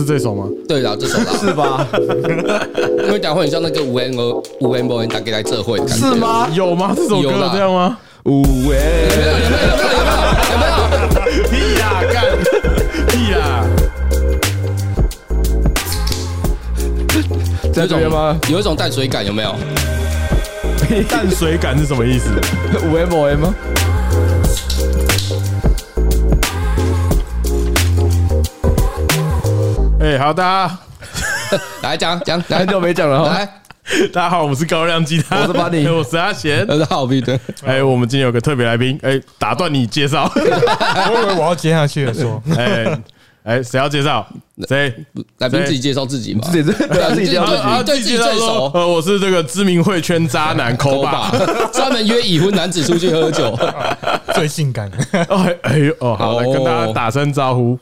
是這首嗎？對啦，這首啦， 是吧？因為等下會很像那個五 M O 五 M b o 打給來社會，是嗎？有嗎？這首歌有這樣嗎？五 M 有沒有？有沒有？有沒有？有沒有？有沒有，有，沒有，有，沒有？屁呀、啊！幹！屁呀、啊！在這邊、個、嗎有種？有一種淡水感，有沒有？淡水感是什麼意思？五 M b o 嗎？哎、hey, 啊， 好，的來講講，很久沒講了。來， 大家好，我是高亮吉他，我是幫你， 我是阿賢，我是浩斌。對，哎，我們今天有個特別來賓，哎、hey,，打斷你介紹， 我以為我要接下去說。哎、hey, 欸，哎，誰要介紹？誰 來賓自己介紹自己嘛？自己介紹 自己啊，對，對自己最熟、啊自己。呃，我是這個知名繪圈渣男 CloBA，專 門約已婚男子出去喝酒， 最性感。Oh, hey, 哎呦，哦、oh,，好、oh. 來跟大家打聲招呼。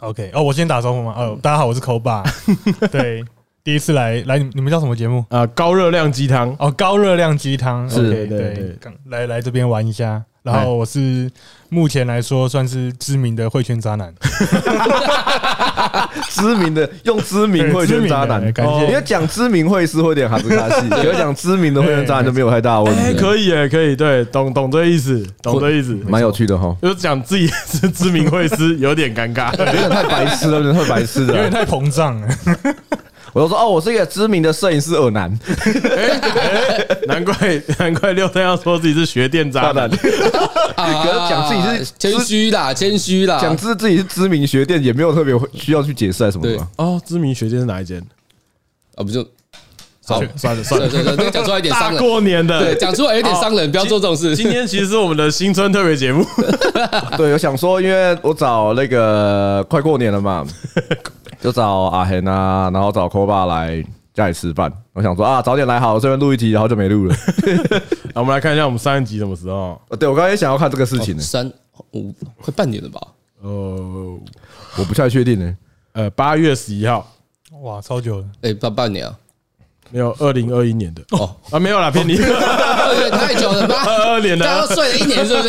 OK，哦，我先打招呼嘛。哦，大家好，我是 CloBA 對，第一次來，來，你們叫什麼節目？啊，高熱量雞湯。哦，高熱量雞湯，是，okay, 對，對，對，來來這邊玩一下。然後我是目前來說算是知名的繪圈渣男， 知名繪圈渣男。知名的用知名繪圈渣男，感覺你要講知名繪師會有點哈不尬氣，你 要講知名的繪圈渣男就沒有太大問題，欸。可以耶，可以，對，懂懂這個意思，懂這個意思，蠻有趣的哈。就講自己是知名繪師，有點尷尬，有點太白痴了，有點太白痴，有點太膨脹了 我都說哦，我是一個知名的攝影師耳男、欸欸，難怪難怪六代要說自己是學店渣男，講自己是謙虛啦，謙虛啦，講自自己是知名學店也沒有特別需要去解釋什麼的。哦，知名學店是哪一間？啊、哦，不就算了算了算了，對對、對，這、那個講出來有點傷人。過年的對，講出來有點傷人，不要做這種事。今天其實是我們的新春特別節目， 對，我想說，因為我找那個快過年了嘛。就找阿恆啊，然後找 c 爸來家裡吃飯。我想說啊，早點來好，我這邊錄一集，然後就沒錄了。 那、 啊、我們來看一下我們三集什麼時候、啊？對我剛才想要看這個事情呢、欸哦。三五快半年了吧？呃、哦，我不太確定呢、欸。呃，八月十一號。哇，超久了、欸。哎，半半年啊？沒有，二零二一年的哦啊，沒有啦，騙你。太久了吧？二二年的，這樣睡了一年，是不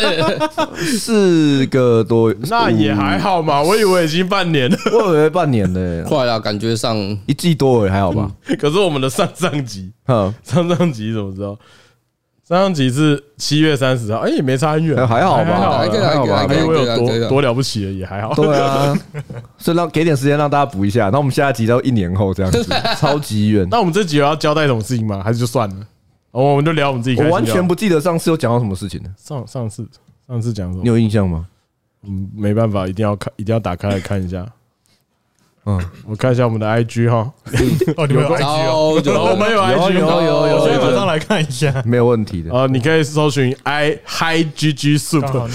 是？四個多，那也還好嘛。我以為已經半年了，我以為半年呢，快了，感覺上一季多了，還好吧。可是我們的上上集，嗯，上上集怎麼知道？上上集是七月三十號，哎，也沒差很遠，還好吧？還好，還好吧？以為有多多了不起，也還好。對啊，啊、所以讓給點時間讓大家補一下。那我們下一集到一年後這樣子，超級遠。那我們這集有要交代什麼事情嗎？還是就算了？哦、oh，我們就聊我們自己。我完全不記得上次有講到什麼事情了，上上次上次講什麼？你有印象嗎？嗯，沒辦法，一定要看，一定要打開來看一下。 嗯，我看一下我們的 IG 哈，哦，你沒有 IG、喔、哦，我們有 IG，有有有，有有有有，我今天晚上來看一下，沒有問題的啊、哦，你可以搜尋 I Hi GG Super，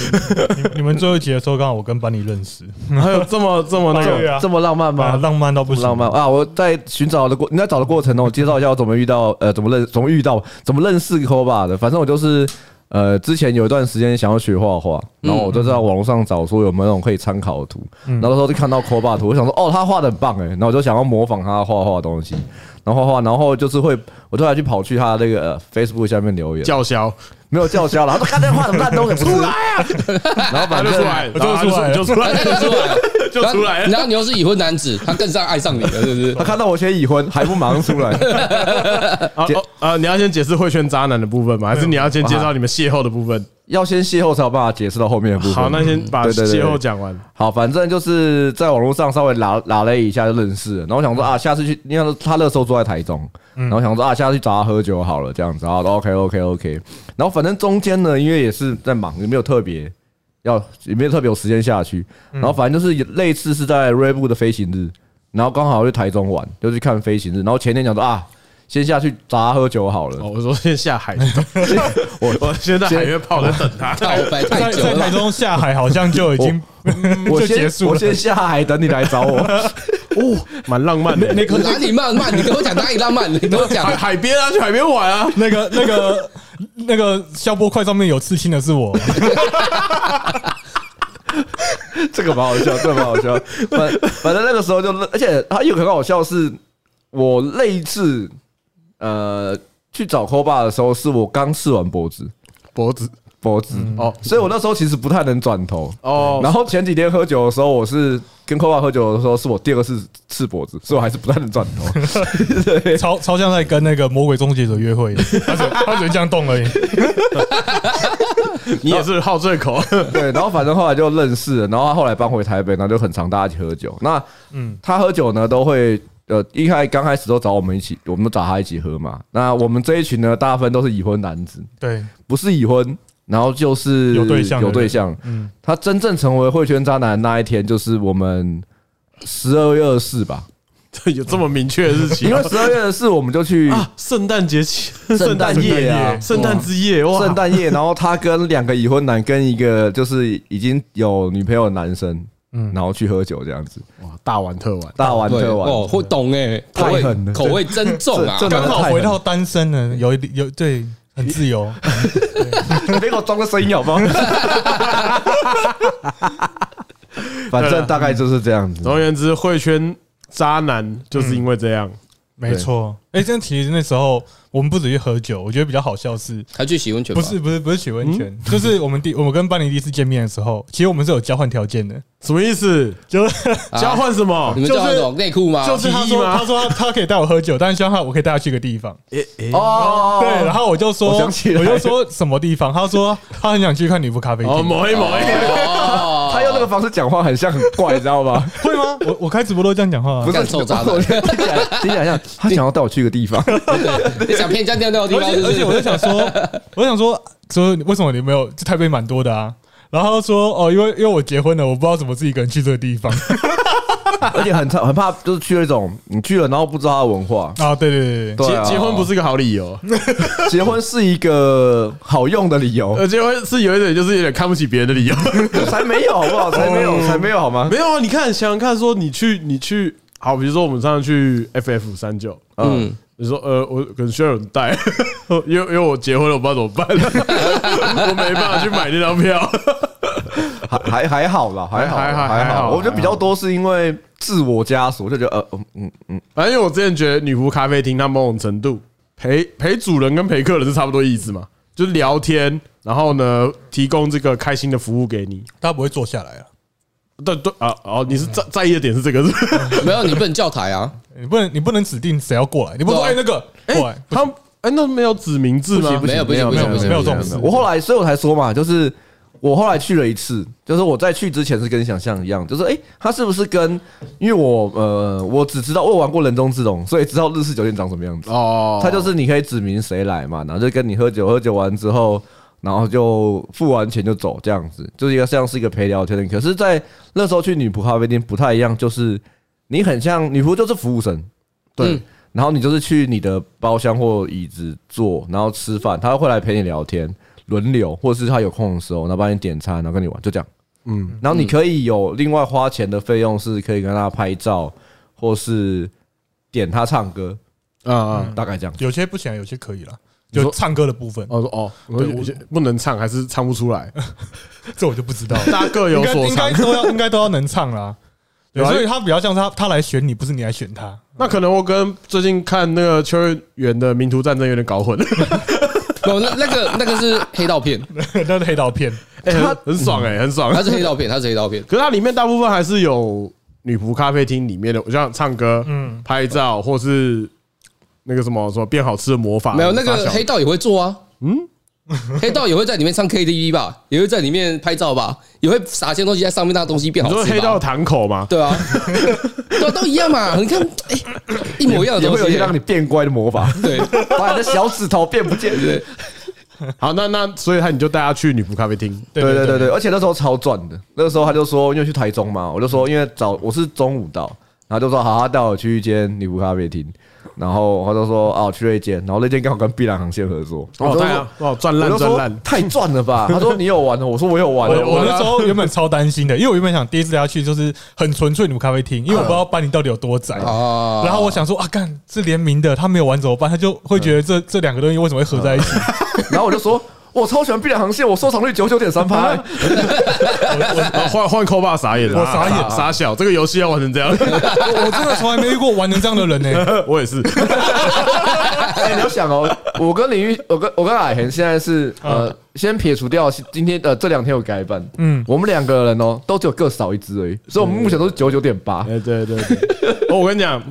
你們，你們最後一集的時候剛好我跟班裡認識， 還有這麼這麼、那個啊啊、這麼浪漫嗎？啊、浪漫到不行、啊、浪漫啊！我在尋找的過你在找的過程中、哦，我介紹一下我怎麼遇到呃怎麼認怎麼遇到怎麼認識 CloBA 的，反正我就是。呃，之前有一段時間想要學畫畫，然後我就在網絡上找說有沒有那種可以參考的圖，那時候就看到 CloBA 圖，我想說哦，他畫的很棒哎，那我就想要模仿他畫畫的東西，然後畫，畫，然後就是會，我就來去跑去他那個 Facebook 下面留言叫囂，沒有叫囂了， 他就看這畫怎麼爛東西出來啊！ 然後反正出來，就出來，就出來，就出來。出來，然後你又是已婚男子，他更加愛上你了，是不是？ 他看到我先已婚，還不馬上出來解 啊。啊啊！你要先解釋繪圈渣男的部分嗎？還是你要先介紹你們邂逅的部分？要先邂逅才有辦法解釋到後面的部分。好，那先把邂逅講完。好，反正就是在網絡上稍微拉拉了一下就認識了，然後想說啊，下次去，因為他那時候在台中，然後想說啊，下次去找他喝酒好了，這樣子啊，都 OK OK OK。然後反正中間呢，因為也是在忙，也沒有特別。要也沒有特別有時間下去，然後反正就是類似是在 r e o 步的飛行日，然後剛好去台中玩，就去看飛行日。然後前天講說啊，先下去找他喝酒好了。哦，我說先下海 我先，我先我先在海月泡着等他。在在台中下海好像就已經我，我先 結束了，我先下海等你來找我。 哦，蠻浪漫的、欸。那個哪裡浪漫？你跟我講哪裡浪漫？你跟我講，海邊啊，去海邊玩啊。那個、那個、那個消波塊上面有刺青的是我、啊。這個蠻好笑，這個蠻好笑。反反正那個時候就，而且它又很好笑，是我那一次呃去找 CloBA 的時候，是我剛試完脖子，脖子。脖子、嗯、哦，所以我那時候其實不太能轉頭哦。然後前幾天喝酒的時候，我是跟 CloBA 喝酒的時候，是我第二次刺脖子，所以我還是不太能轉頭、嗯超。超超像在跟那個魔鬼終結者約會，他覺得他覺得這樣動而已、嗯。你也是好這口，對。然後反正後來就認識了，然後他後來搬回台北，那就很常大家一起喝酒。那嗯，他喝酒呢都會呃，一開剛開始都找我們一起，我們都找他一起喝嘛。那我們這一群呢，大部分都是已婚男子，對，不是已婚。然後就是有對象,有對象，有對象。嗯，他真正成為繪圈渣男的那一天就是我們十二月二十四吧？這有這麼明確的日期？因為十二月二十四，我們就去聖誕節前，聖誕夜啊，聖誕之夜哇！聖誕夜，然後他跟兩個已婚男，跟一個就是已經有女朋友的男生，嗯，然後去喝酒這樣子哇哇！大玩特玩，大玩特玩哦！會懂哎、欸，太狠了口，口味真重啊！剛好回到單身了，有有對。很自由，你 對 給我裝個聲音好不好？ 反正大概就是這樣子，嗯。總而言之，繪圈渣男就是因為這樣，嗯。嗯沒錯，哎，這、欸、其實那時候我們不止去喝酒，我覺得比較好笑是，他去洗溫泉，不是不是不是洗溫泉、嗯，就是我們第我們跟班尼第一次見面的時候，其實我們是有交換條件的，什麼意思？就是、啊、交換什麼？你們什麼就是內褲嗎？就是他說他說他，他可以帶我喝酒，但是希望他，我可以帶他去個地方。哎、欸、哎、欸、哦，對，然後我就說，我想起來了，我就說什麼地方？他說他很想去看女僕咖啡店，某一某哦、他用那個方式講話很像很怪，你知道嗎、啊？會嗎？我我開直播都這樣講話、啊不，不敢手抓的。你想想，他想要帶我去個地方對。對對，你想騙人家掉個地方是是而。而且我就想說，我想說說為什麼你沒有？就台北蠻多的啊。然後他說哦，因為因為我結婚了，我不知道怎麼自己一個人去這個地方。而且很怕，很怕，就是去那種，你去了然後不知道他的文化啊，對對對，結結婚不是一個好理由，結婚是一個好用的理由，結婚是有一點就是有點看不起別人的理由，才沒有好不好？才沒有，才沒有好嗎？沒有啊！你看，想想看，說你去，你去，好，比如說我們上次去 FF 39，嗯，你說呃，我可能需要有人帶，因為因為我結婚了，我不知道怎麼辦，我沒辦法去買那張票。還還好吧，還好，還好，我覺得比較多是因為自我枷鎖，就覺得呃，嗯嗯嗯。反正因為我之前覺得女僕咖啡廳，那某種程度陪陪主人跟陪客人是差不多意思嘛，就是聊天，然後呢，提供這個開心的服務給你。他不會坐下來啊。對對啊哦，你是在在意的點是這個是？沒有，你不能叫台啊，你不能，你不能指定誰要過來，你不能、欸、那個過來。他哎，那沒有指名字嗎？沒有，沒有，沒有，沒有這種的。我後來，所以我才說嘛，就是。我後來去了一次，就是我在去之前是跟你想象一樣，就是誒、欸，他是不是跟？因為我呃，我只知道我有玩過人中之龍，所以知道日式酒店長什麼樣子哦。他就是你可以指明誰來嘛，然後就跟你喝酒，喝酒完之後，然後就付完錢就走這樣子，就是一個像是一個陪聊天的，可是，在那時候去女僕咖啡店不太一樣，就是你很像女僕，就是服務生，對，然後你就是去你的包廂或椅子坐，然後吃飯，他會來陪你聊天。輪流，或者是他有空的時候，然後幫你點餐，然後跟你玩，就這樣。嗯，嗯，然後你可以有另外花錢的費用，是可以跟他拍照，或是點他唱歌。啊啊、嗯，大概這樣。有些不行，有些可以啦。就唱歌的部分。哦說哦，我，我不能唱，還是唱不出來？ 這我就不知道。大家各有所長，都要，應該都要能唱啦 。對，所以他比較像他，他來選你，不是你來選他 。那可能我跟最近看那個邱岳源的《民族戰爭》有點搞混 不、no，那個那個是黑道片，那是黑道片，很爽哎、欸，很爽、嗯，它是黑道片，它是黑道片，可是它裡面大部分還是有女僕咖啡廳裡面的，像唱歌，嗯，拍照，或是那個什麼說變好吃的魔法，沒有，那個黑道也會做啊，嗯。黑道也會在裡面唱 KTV 吧，也會在裡面拍照吧，也會撒些東西在上面，讓東西變好吃。你說黑道堂口嗎？對啊，都都一樣嘛，你看，誒，一模一樣。有會有一些讓你變乖的魔法？對，把你的小指頭變不見。對，好，那那所以他你就帶他去女僕咖啡廳。對對對對，對，而且那時候超賺的。那個時候他就說，因為去台中嘛，我就說因為早我是中午到，然後就說好啊，帶我去一間女僕咖啡廳。然後他就說啊，去那間，然後那間剛好跟碧藍航線合作，哦，對啊，哦賺爛賺爛，太賺了吧？ 他說你有玩哦，我說我有玩了。我那時候原本超擔心的，因為我原本想第一次要去就是很純粹你們咖啡廳，因為我不知道班裡到底有多宅。然後我想說啊，干是聯名的，他沒有玩怎麼辦？他就會覺得這這兩個東西為什麼會合在一起？然後我就說。我超喜歡碧藍航線我，欸、我收藏率九九點三八。換換摳把傻眼了，我傻眼傻小。這個遊戲要玩成這樣，我真的從來沒遇過玩成這樣的人呢。我也是，欸，你要想哦，我跟李玉，我跟我跟阿恆現在是呃，先撇除掉今天呃這兩天有改版，嗯，我們兩個人哦，都只有各少一隻而已，所以我們目前都是九九點八。對對。我跟你講，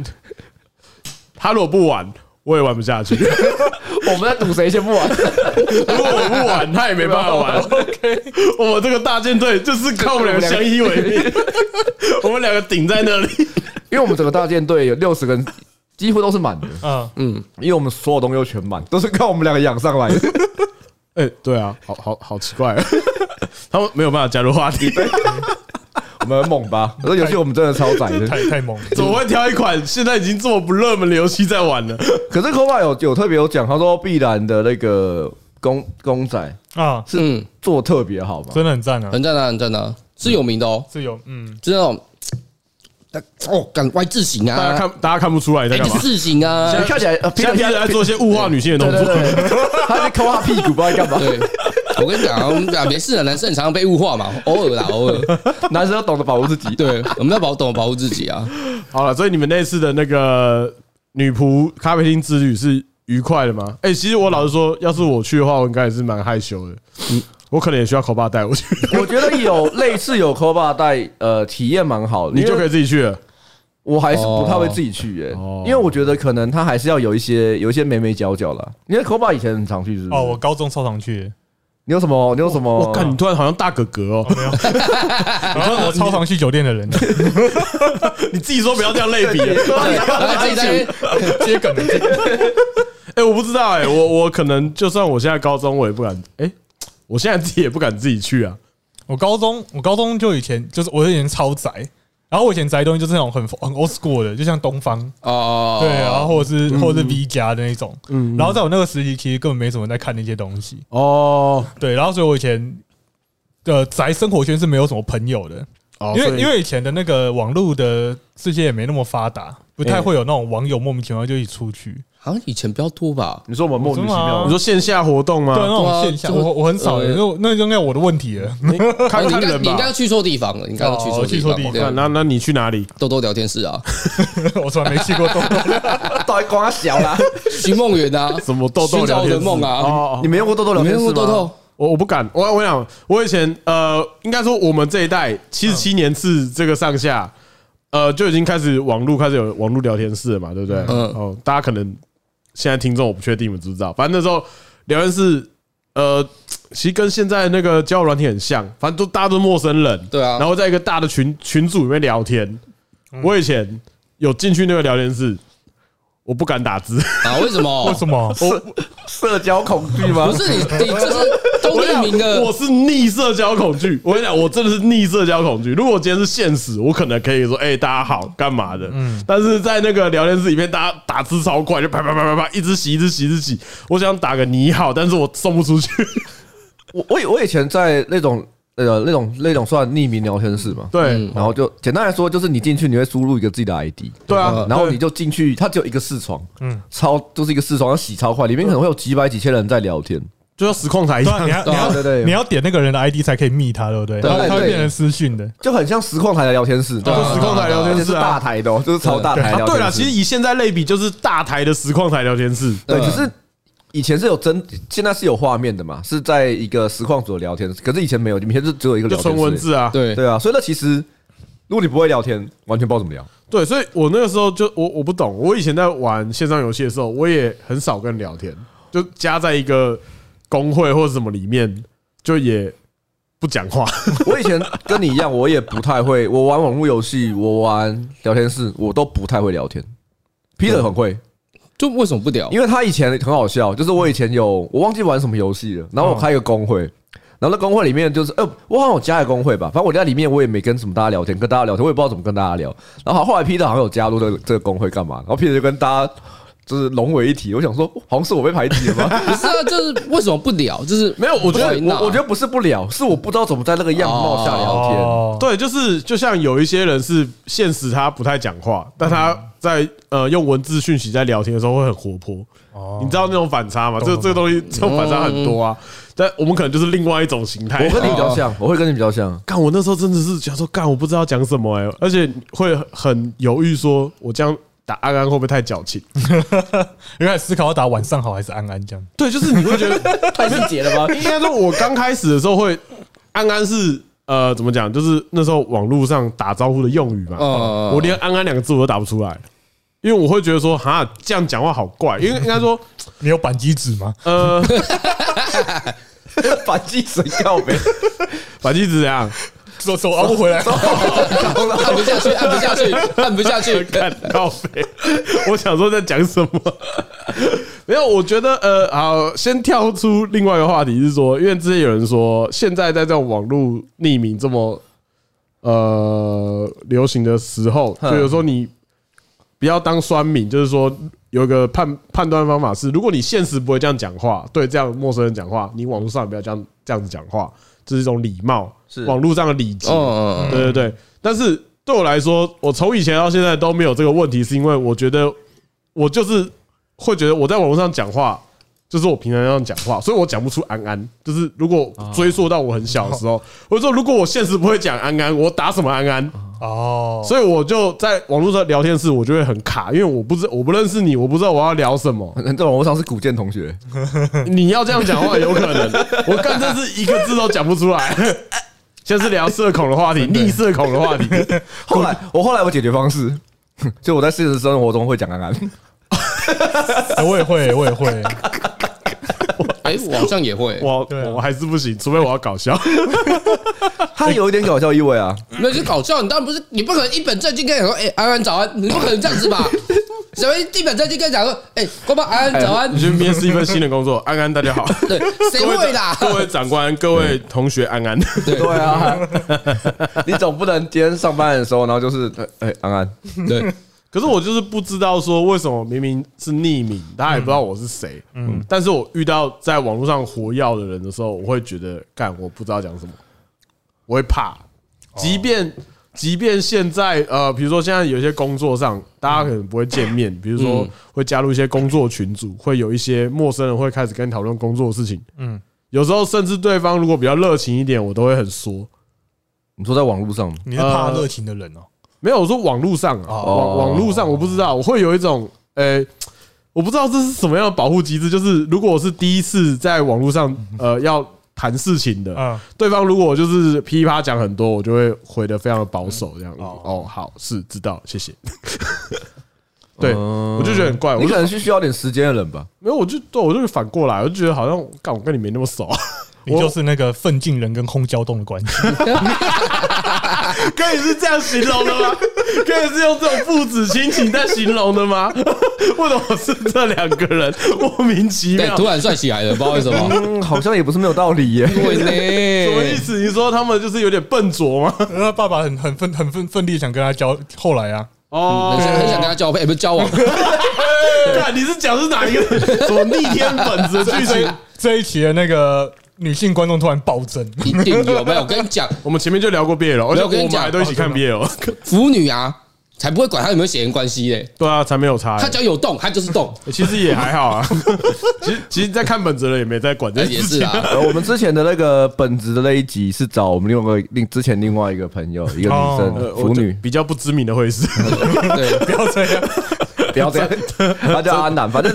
他如果不玩，我也玩不下去。我們在賭誰先不玩。如果我不玩，他也沒辦法玩。 OK，我們這個大艦隊就是靠我們兩個相依為命。我們兩個頂在那裡，因為我們整個大艦隊有六十個人，幾乎都是滿的。嗯嗯，因為我們所有東西都全滿，都是靠我們兩個養上來。哎，對啊，好好好奇怪， 他們沒有辦法加入話題。 我們很猛吧？可是遊戲我們真的超窄的，太太猛了。總會挑一款現在已經這麼不熱門的遊戲在玩了、嗯。可是 CloBA 有有特別有講，他說必然的那個公公仔是啊是、嗯，是做特別好吧真的很讚啊，很讚啊，很讚啊，是有名的哦，是有嗯，那種哦，趕快自行啊，大家看大家看不出來你在、欸，在 Y 自形啊，現在看起來，現在看起來做一些物化女性的動作， 他在摳他屁股，不知道在幹嘛。我跟你講，我們講沒事的，男生很常常被物化嘛，偶爾啦，偶爾。男生要懂得保護自己， 對，我們要保懂得保護自己啊。好了，所以你們那次的那個女僕咖啡廳之旅是愉快的嗎？哎、欸，其實我老實說，要是我去的話，我應該也是蠻害羞的。嗯，我可能也需要 CloBA 帶我去。我覺得 有類似有 CloBA 帶，呃，體驗蠻好的，你就可以自己去了。我還是不太會自己去、欸，耶、哦，因為我覺得可能他還是要有一些有一些眉眉角角啦。因為 CloBA 以前很常去是是，哦，我高中超常去、欸。你有什麼？你有什麼？我靠！你突然好像大哥哥哦，哦，好像 我超常去酒店的人，你自己說不要這樣類比自，自接梗自的、欸。我不知道、欸、我我可能就算我現在高中，我也不敢、欸、我現在自己也不敢自己去啊。我高中，我高中就以前就是我以前超宅。然後我以前宅的東西就是那種很很 old school 的，就像東方啊，oh, 對，然後或者是、嗯、或者是 V 家的那種、嗯，然後在我那個時期其實根本沒什麼在看那些東西哦，oh, 對，然後所以我以前的宅生活圈是沒有什麼朋友的，oh, 因為因為以前的那個網絡的世界也沒那麼發達，不太會有那種網友莫名其妙就一起出去。好像以前比較多吧？你說我們莫名其妙？你說線下活動嗎？對啊，那種線下我我很少耶。呃、那那應該我的問題了，你看看。你應該去錯地方了，你應該去錯地方，你應該去錯地方。嗯、那那你去哪裡？豆豆聊天室啊？ 我從來沒去過豆豆，太光小了。尋夢園啊？什麼豆豆聊天室夢，啊你，哦、你沒用過豆豆聊天室，我我不敢。我我跟你講我以前呃，應該說我們這一代七十七年次這個上下呃，就已經開始網路開始有網路聊天室了嘛？對不對？嗯，嗯哦，大家可能。現在聽眾我不確定你們知不知道，反正那時候聊天室，呃，其實跟現在那個交友軟體很像，反正都大家都陌生人，對啊。然後在一個大的群群組裡面聊天，我以前有進去那個聊天室。嗯，我不敢打字啊，為什麼？為什麼？我社交恐懼嗎？不是你，你這是。我跟你講，我是逆社交恐懼。 我跟你講，我真的是逆社交恐懼。如果今天是現實，我可能可以說：“哎，大家好，幹嘛的？”嗯，但是在那個聊天室裡面，大家打,打字超快，就啪啪啪啪啪，一直洗，一直洗，一直洗。我想打個你好，但是我送不出去。我我我以前在那種呃那種那種算匿名聊天室嘛，對、嗯。然後就簡單來說，就是你進去，你會輸入一個自己的 ID。對啊。然後你就進去，它只有一個視窗，嗯，超就是一個視窗，要洗超快，裡面可能會有幾百幾千人在聊天。就像實況台一樣，啊，你要你要、啊、對對對，你要點那個人的 ID 才可以密他，對不對？對，他會變成私訊的，就很像實況台的聊天室。對，就是，實況台聊天室大台的，就是超大台。對了、啊，其實以現在類比，就是大台的實況台聊天室，對對、啊。對、啊，只是，是以前是有真，現在是有畫面的嘛，是在一個實況組的聊天室。可是以前沒有，以前是只有一個純文字啊。對，對啊。所以那其實，如果你不會聊天，完全不知道怎麼聊。對，所以我那個時候就我我不懂。我以前在玩線上遊戲的時候，我也很少跟人聊天，就加在一個。工會或者什麼裡面，就也不講話。我以前跟你一樣，我也不太會。我玩網絡遊戲，我玩聊天室，我都不太會聊天。Peter 很會，就為什麼不聊？因為他以前很好笑。就是我以前有，我忘記玩什麼遊戲了。然後我開一個工會，然後在工會裡面，就是哎，我好像有加個工會吧。反正我在裡面，我也沒跟什麼大家聊天，跟大家聊天，我也不知道怎麼跟大家聊。然後後來 Peter 好像有加入這個這個工會幹嘛？然後 Peter 就跟大家就是融為一體，我想說，好像是我被排擠了嗎？ 不是啊，就是為什麼不聊？就是沒有，我覺得我我覺得不是不聊，是我不知道怎麼在那個樣貌下聊天。哦。哦、對，就是就像有一些人是現實他不太講話，但他在呃用文字訊息在聊天的時候會很活潑。哦、你知道那種反差嗎？嗎就這個東西，這種反差很多啊。但我們可能就是另外一種形態。哦。我跟你比較像，我跟你比較像，哦嗯、我會跟你比較像。幹，我那時候真的是，想說，幹，我不知道講什麼哎，欸，而且會很猶豫，說我這樣打安安會不會太矯情？因 為思考要打晚上好還是安安這樣？對，就是你會覺得太細節了吧應該說，我剛開始的時候會安安是呃怎麼講？就是那時候網絡上打招呼的用語嘛。我連安安兩個字我都打不出來，因為我會覺得說哈這樣講話好怪。因為應該說、呃、 你有扳機指嗎？呃， 扳機指要沒扳機指怎樣說手熬不回來好好，按不下去，按不下去，按不下去， 我想說在講什麼？沒有，我覺得呃，好，先跳出另外一個話題是說，因為之前有人說，現在在這種網絡匿名這麼呃流行的時候，就有說你不要當酸民，就是說有一個判判斷方法是，如果你現實不會這樣講話，對這樣陌生人講話，你網絡上也不要這樣這樣子講話，這是一種禮貌。是網絡上的禮節，對對對，但是對我來說，我從以前到現在都沒有這個問題，是因為我覺得我就是會覺得我在網絡上講話就是我平常這樣講話，所以我講不出安安。就是如果追溯到我很小的時候，我就說如果我現實不會講安安，我打什麼安安？哦，所以我就在網絡上聊天室我就會很卡，因為我不知我不認識你，我不知道我要聊什麼？在網絡上是古建同學，你要這樣講話有可能，我剛才是一個字都講不出來。就是聊社恐的話題，逆社恐的話題。後來我後來有解決方式，就我在現實生活中會講安安 我，我也會我，我也會。哎，我好像也會我，我、啊、我還是不行，除非我要搞笑。他有一點搞笑意味啊、欸，那是搞笑。你當然不是，你不可能一本正經跟你說：“哎、欸，安安早安。”你不可能這樣子吧？ 什麼？基本上就跟你講說、欸，哎，CloBA 安安早安，欸。你去面試一份新的工作，安安大家好。對，誰會啦？各位長官，各位同學，安安。 對啊，你總不能今天上班的時候，然後就是哎哎，安安。對，可是我就是不知道說為什麼明明是匿名，大家也不知道我是誰。嗯，但是我遇到在網絡上活躍的人的時候，我會覺得幹，我不知道講什麼，我會怕，即便。即便現在，呃，比如說現在有一些工作上，大家可能不會見面，比如說會加入一些工作群組，會有一些陌生人會開始跟你討論工作的事情。嗯，有時候甚至對方如果比較熱情一點，我都會很縮：‘你說在網絡上，你是怕熱情的人哦？呃、沒有，我說網絡上啊，網網絡上我不知道，我會有一種，呃，我不知道這是什麼樣的保護機制，就是如果我是第一次在網絡上，呃，要。談事情的，對方如果就是噼里啪啦講很多，我就會回得非常的保守這樣子，嗯。哦，哦，好，是知道，謝謝。 對、嗯，我就覺得很怪。你可能是需要點時間的人吧？沒有，我就對我就是反過來，我就覺得好像幹我跟你沒那麼熟啊。你就是那個奮進人跟空交洞的關係。 可以是這樣形容的嗎？可以是用這種父子親情在形容的嗎？ 為什麼是這兩個人？莫名其妙，對，突然帥起來了，不知道為什麼，嗯、好像也不是沒有道理耶、欸。對嘞， 什麼意思？你說他們就是有點笨拙？嗎 他爸爸很很奮很奮奮力想跟他交，後來啊。哦、oh. 嗯，我現在很想跟他交配，不是交往？對啊，你是講是哪一個什麼逆天本子劇情？這一期的那個女性觀眾突然暴增，一定有，沒有？我跟你講，我們前面就聊過 BL，而且我們倆都一起看 BL，腐、哦、女啊。才不會管他有沒有血緣關係嘞！對啊，才沒有差，欸。他只要有洞，他就是洞。其實也還好啊，其。其實其實，在看本子的，也沒在管這。欸，也是啊。我們之前的那個本子的那一集是找我們另外一個、另之前另外一個朋友，一個女生，腐、哦、女，比較不知名的回事、哦。不要這樣 不要這樣。 她 叫安南，反正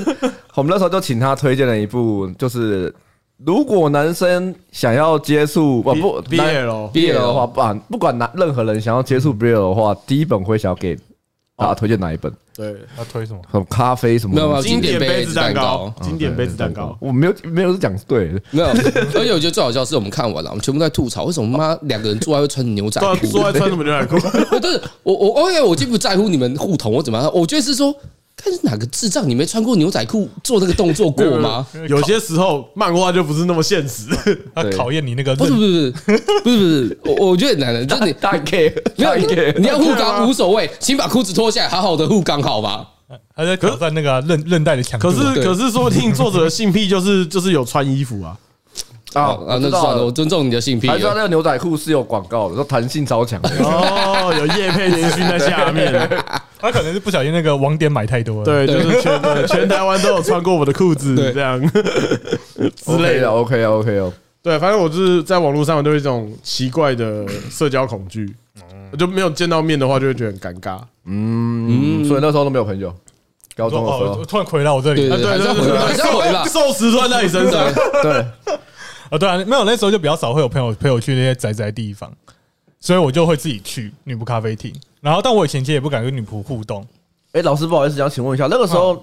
我們那時候就請她推薦了一部，就是。如果男生想要接觸，不不，BL，BL 的話，不不管男任何人想要接觸 BL 的話，第一本會想要給，大家推薦哪一本，oh,？對，他推什麼？什麼咖啡什麼？沒有沒有經典杯子蛋糕，經典杯子蛋糕。哦，蛋糕我沒有，沒有講對，沒有。沒有 而且我覺得最好笑的是，我們看完了，我們全部在吐槽，為什麼媽兩 個人坐外會穿牛仔褲？ 坐外穿什麼牛仔褲？ 但是我我，而且我就不在乎你們互捅，我怎麼樣？我就是說。他是哪個智障？你沒穿過牛仔褲做這個動作過嗎？有些時候漫畫就不是那麼現實， 他考驗你那個不是不是不是不是，我，我覺得男人 就是大 K 不要你要護槓無所謂，請把褲子脫下來，好好的護槓，好吧？還在挑戰那個韌韌帶的強度。可是可是，可是說不定作者的性癖就是就是有穿衣服啊。哦、啊，那算了，我尊重你的性癖。他說那個牛仔褲是有廣告的，說彈性超強。哦，有業配連續在下面，他可能是不小心那個網點買太多了。對，對，就是全全台灣都有穿過我的褲子，這樣之類的 okay。OK o k 哦。Okay，對，反正我就是在網絡上都有一種奇怪的社交恐懼，就沒有見到面的話就會覺得很尷尬，嗯。嗯，所以那時候都沒有朋友。高中時候對對對突然回到我這裡，對對對對，對，對，對，對，死算，欸、在你身上。對，對。啊、哦，對啊，沒有，那時候就比較少會有朋友陪我去那些宅宅地方，所以我就會自己去女僕咖啡廳。然後，但我以前其實也不敢跟女僕互動。誒，老師不好意思，想請問一下，那個時候、嗯。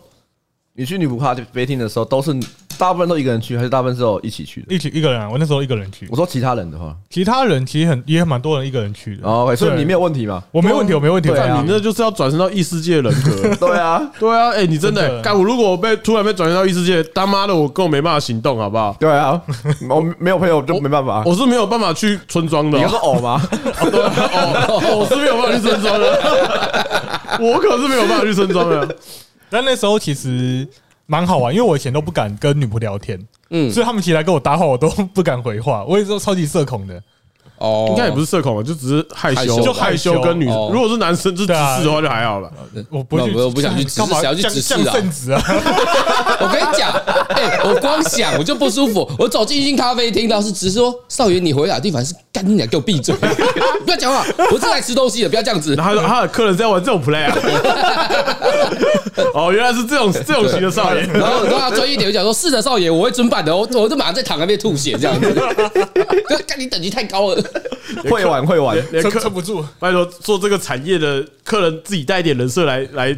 你去女僕咖啡廳的時候，都是大部分都一個人去，還是大部分時候一起去一起一個人、啊，我那時候一個人去。我說其他人的話，其他人其實很也蠻多人一個人去的、oh, okay,。所以你沒有問題嗎？我沒問題，我沒問題。對啊、你那就是要轉身到異世界人格。對啊，對啊，哎、欸，你真的、欸，幹我如果被突然被轉生到異世界，當媽的，我根本沒辦法行動，好不好？對啊，我沒有朋友，我就沒辦法我。我是沒有辦法去村莊的。你要說偶嗎？ 哦、對、啊，偶、哦、偶、哦、是沒有辦法去村莊的。 我可是沒有辦法去村莊的。 但那時候其實蠻好玩，因為我以前都不敢跟女僕聊天，嗯，所以他們起來跟我搭話，我都不敢回話，我也是超級社恐的。哦、oh,，應該也不是社恐，就只是害羞。害羞就害羞跟女生羞，如果是男生就直視的話就還好了，oh, 啊。我不會，我不想去幹嘛要去直這啊！啊 我跟你講，欸，我光想我就不舒服。我走進去咖啡廳，只是說：“少爺，你回來的地方是？是乾淨點，給我閉嘴， 不要講話，我是來吃東西的，不要這樣子。”他說：“ 他的客人在玩這種 play 啊。 ”哦，原來是這種這種型的少爺。然後說專業一點講 說：“是的，少爺，我會遵辦的。我我就馬上在躺那邊吐血這樣子。幹 你等級太高了。”會玩會玩也，撐不住。拜托，做這個產業的客人自己帶點人設來來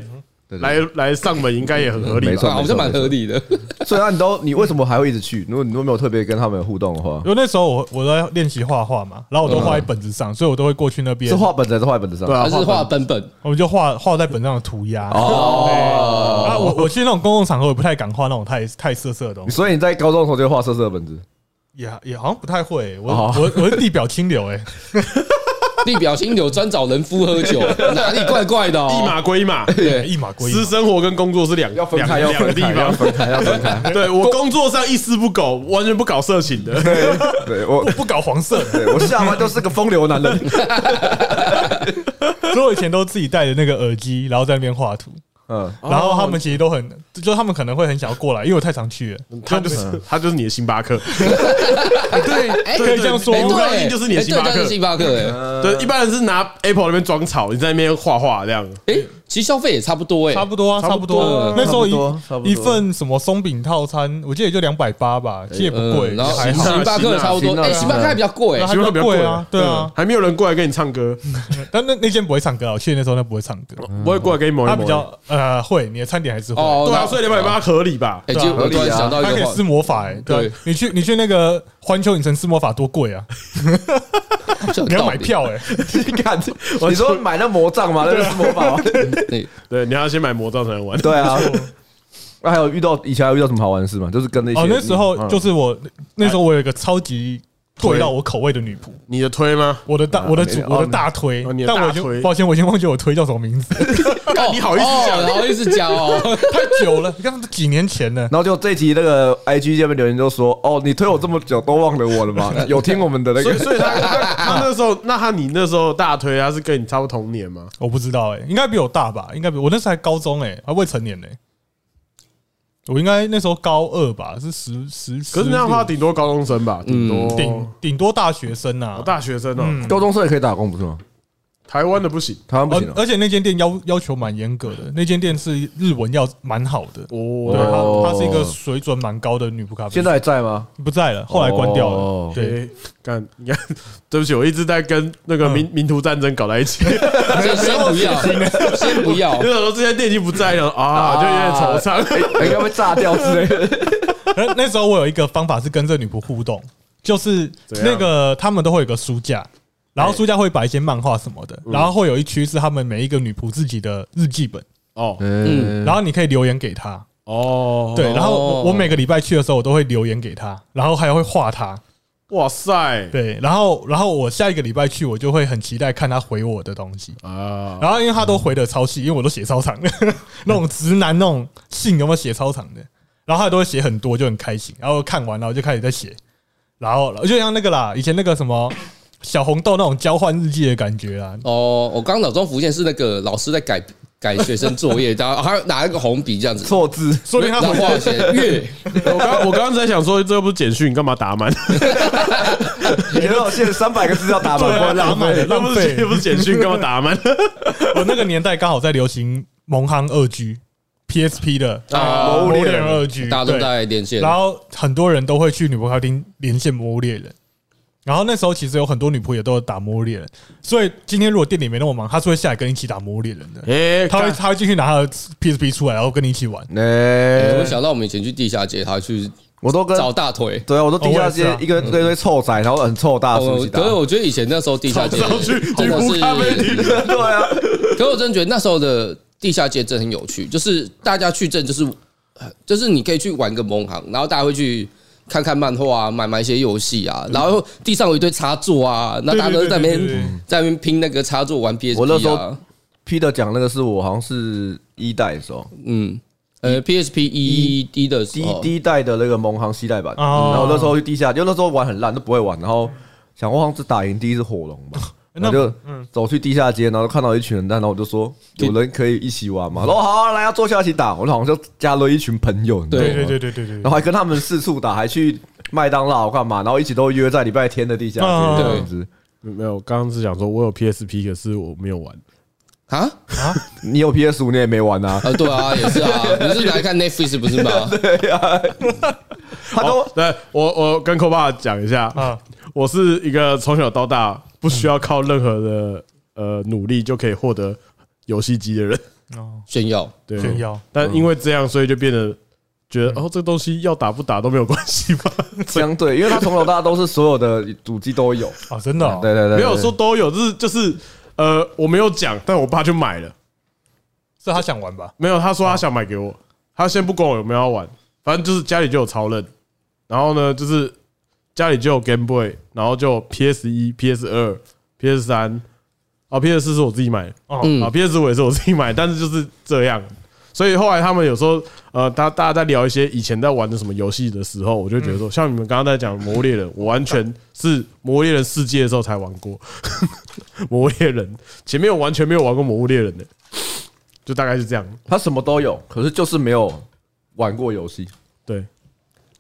對對對來來上門，應該也很合理吧？沒錯沒錯。我覺得蠻合理的。所以啊，你都你為什麼還會一直去？如果你都沒有特別跟他們互動的話，因為那時候我我都在練習畫畫嘛，然後我都畫在本子上，所以我都會過去那邊。是畫本子還是畫本子上，對啊，畫還是畫本本。我們就畫畫在本上的塗鴉。哦， 啊，我我去那種公共場合，我不太敢畫那種太太色色的東西。所以你在高中的時候就畫色色的本子。也也好像不太會、欸，我、哦、我我是地表清流哎、欸， 地表清流專找人夫喝酒， 哪裡怪怪的、哦一碼歸一碼，一碼歸一碼，對，一碼歸一碼。私生活跟工作是兩個，要，要，要分開，要分開，分開要分開。對，我工作上一絲不苟， 完全不搞色情的，對，對我，我不搞黃色，我下班就是個風流男人。 所以我以前都自己戴着那個耳機，然後在那邊畫圖。嗯，然後他們其實都很，就他們可能會很想要過來，因為我太常去了。他就是他就是你的星巴克 ， 對，可以這樣說，不一定就是你的星巴克。星巴克，對，一般人是拿 Apple 那邊裝草，你在那邊畫畫這樣，欸。誒。其實消費也差不多哎、欸，差不多啊，差不多。那時候一一份什麼鬆餅套餐，我記得也就兩百八吧，其實也不貴、欸呃。然後、啊、還星巴克差不多，哎、啊，星巴克還比較貴、啊，還巴比較貴啊，對啊，啊，還啊，對啊對，還沒有人過來給你唱歌。嗯、但那那間不會唱歌啊，我記得那時候那不會唱歌，嗯、不會過來給你抹一抹、啊。他比較呃會，你的餐點還是會。哦哦、對啊，所以兩百八合理吧？哎、欸啊啊，合理啊。他可以施魔法哎、欸，對，你去你去那個。環球影城施魔法多貴啊！你要買票哎，你看，你說買那魔杖嗎？ 那個施魔法？ 對、啊、 對，你還要先買魔杖才能玩。 對啊，那還有遇到以前還有遇到什麼好玩的事嗎？就是跟那些……哦，那時候就是我、嗯、那時候我有一個超級。推到我口味的女僕，你的推嗎？我的大，我的主，我的大推。但我就，抱歉，我先忘記我推叫什麼名字、哦哦哦哦。你好意思講？好意思講哦？哦 太久了，你看都幾年前了。 然後就這集那個 IG 下面留言就說：“哦，你推我這麼久，都忘了我了嗎？有聽我們的那個所以？所以他 他那時候，那他你那時候大推他是跟你差不多同年嗎？我不知道誒、欸、應該比我大吧？應該比我那時候還高中誒、欸、還未成年哎。”我應該那時候高二吧，是十十，可是那樣的話，頂多高中生吧，頂多頂、嗯、頂多大學生啊，大學生啊，高中生也可以打工，不是嗎？台灣的不行，嗯、台灣不行、喔。而且那間店要要求蠻嚴格的，那間店是日文要蠻好的哦、oh。它是一個水準蠻高的女僕咖啡店。現在還在嗎？不在了，oh、後來關掉了。對，乾、okay, 你看、啊，對不起，我一直在跟那個民民族戰爭搞在一起。先不要，先不要。因 為不要 說這家店已經不在了 啊，啊，就有點惆悵、欸。應該會炸掉之類的。 那時候我有一個方法是跟這女僕互動，就是那個他們都會有一個書架。然後書架會擺一些漫畫什麼的，然後會有一區是他們每一個女僕自己的日記本哦，嗯，然後你可以留言給她哦，對，然後我每個禮拜去的時候，我都會留言給她，然後還會畫她，哇塞，對，然後然後我下一個禮拜去，我就會很期待看她回我的東西啊，然後因為她都回得超細，因為我都寫超長的， 那種直男那種信有沒有寫超長的，然後他都會寫很多，就很開心，然後看完了我就開始在寫，然後就像那個啦，以前那個什麼。小紅豆那種交換日記的感覺啊哦，我剛腦中浮現是那個老師在改改學生作業，然後、哦、他拿一個紅筆這樣子錯字，說明他很花心。 我剛我剛剛才想說，這又不是簡訊，你幹嘛打滿？你讓我限三百個字要打滿，我浪費、啊、浪費，又不,不是簡訊，幹嘛打滿？ 我那個年代剛好在流行蒙漢二 G、P S P 的啊，魔物獵人二 G，、啊、大家都在連線，然後很多人都會去女僕咖啡廳連線魔物獵人。然後那時候其實有很多女朋友都有打《魔物獵人》，所以今天如果店裡沒那麼忙，他是會下來跟你一起打《魔物獵人》的。他會，他會進去拿他的 PSP 出來，然後跟你一起玩。誒，我想到我們以前去地下街，他去，我都跟找大腿。對啊，我都地下街一個一堆臭仔，然後很臭大叔、欸欸欸。可是我覺得以前那時候地下街的真的是，對啊。可是，可是我真的覺得那時候的地下街真的很有趣，就是大家去鎮，就是就是你可以去玩個萌行，然後大家會去。看看漫畫啊，買買一些遊戲啊，然後地上有一堆插座啊，那大家都在那邊在那邊拼那個插座玩 PSP 啊，嗯，我那時候 Peter 講那個是我好像是一代的時候，嗯，呃，PSP 一 D, D 的第一代的那個盟航系代版，哦，然後那時候去地下，就那時候玩很爛，都不會玩，然後想我好像是打贏第一只火龍吧。我就走去地下街，然後看到一群人，然後我就說：“有人可以一起玩嗎？”然後好，來要坐下一起打。我好像就加了一群朋友，對對對對對，然後還跟他們四處打，還去麥當勞幹嘛？然後一起都約在禮拜天的地下街這樣子沒有，剛剛是講說我有 PSP，可是我沒有玩啊啊！你有 PS 五，你也沒玩啊？呃，對啊，也是啊，你是來看 Netflix 不是嗎？對呀，他都對我我跟 Clo 爸講一下啊，我是一個從小到大。不需要靠任何的呃努力就可以獲得遊戲機的人炫、嗯、耀，炫耀。炫耀，嗯、但因為這樣，所以就變得覺得、嗯、哦，這個東西要打不打都沒有關係吧？這樣，對，因為他從小到大都是所有的主機都有啊、 哦，真的、哦啊。對對對，對，沒有說都有，就是就是呃，我沒有講，但我爸就買了，是他想玩吧？沒有，他說他想買給我，哦、他先不管我有沒有要玩，反正就是家裡就有超任，然後呢，就是。家裡就有 Game Boy，然後就 PS 一、喔、PS 二、PS 三，啊，PS 四是我自己買的，啊，PS 五也是我自己買的，但是就是這樣。所以後來他們有時候，呃，大家大家在聊一些以前在玩的什麼遊戲的時候，我就覺得說，像你們剛剛在講《魔物獵人》，我完全是《魔物獵人世界》的時候才玩過、嗯《嗯、魔物獵人》，前面我完全沒有玩過《魔物獵人》的，就大概是這樣。他什麼都有，可是就是沒有玩過遊戲，對，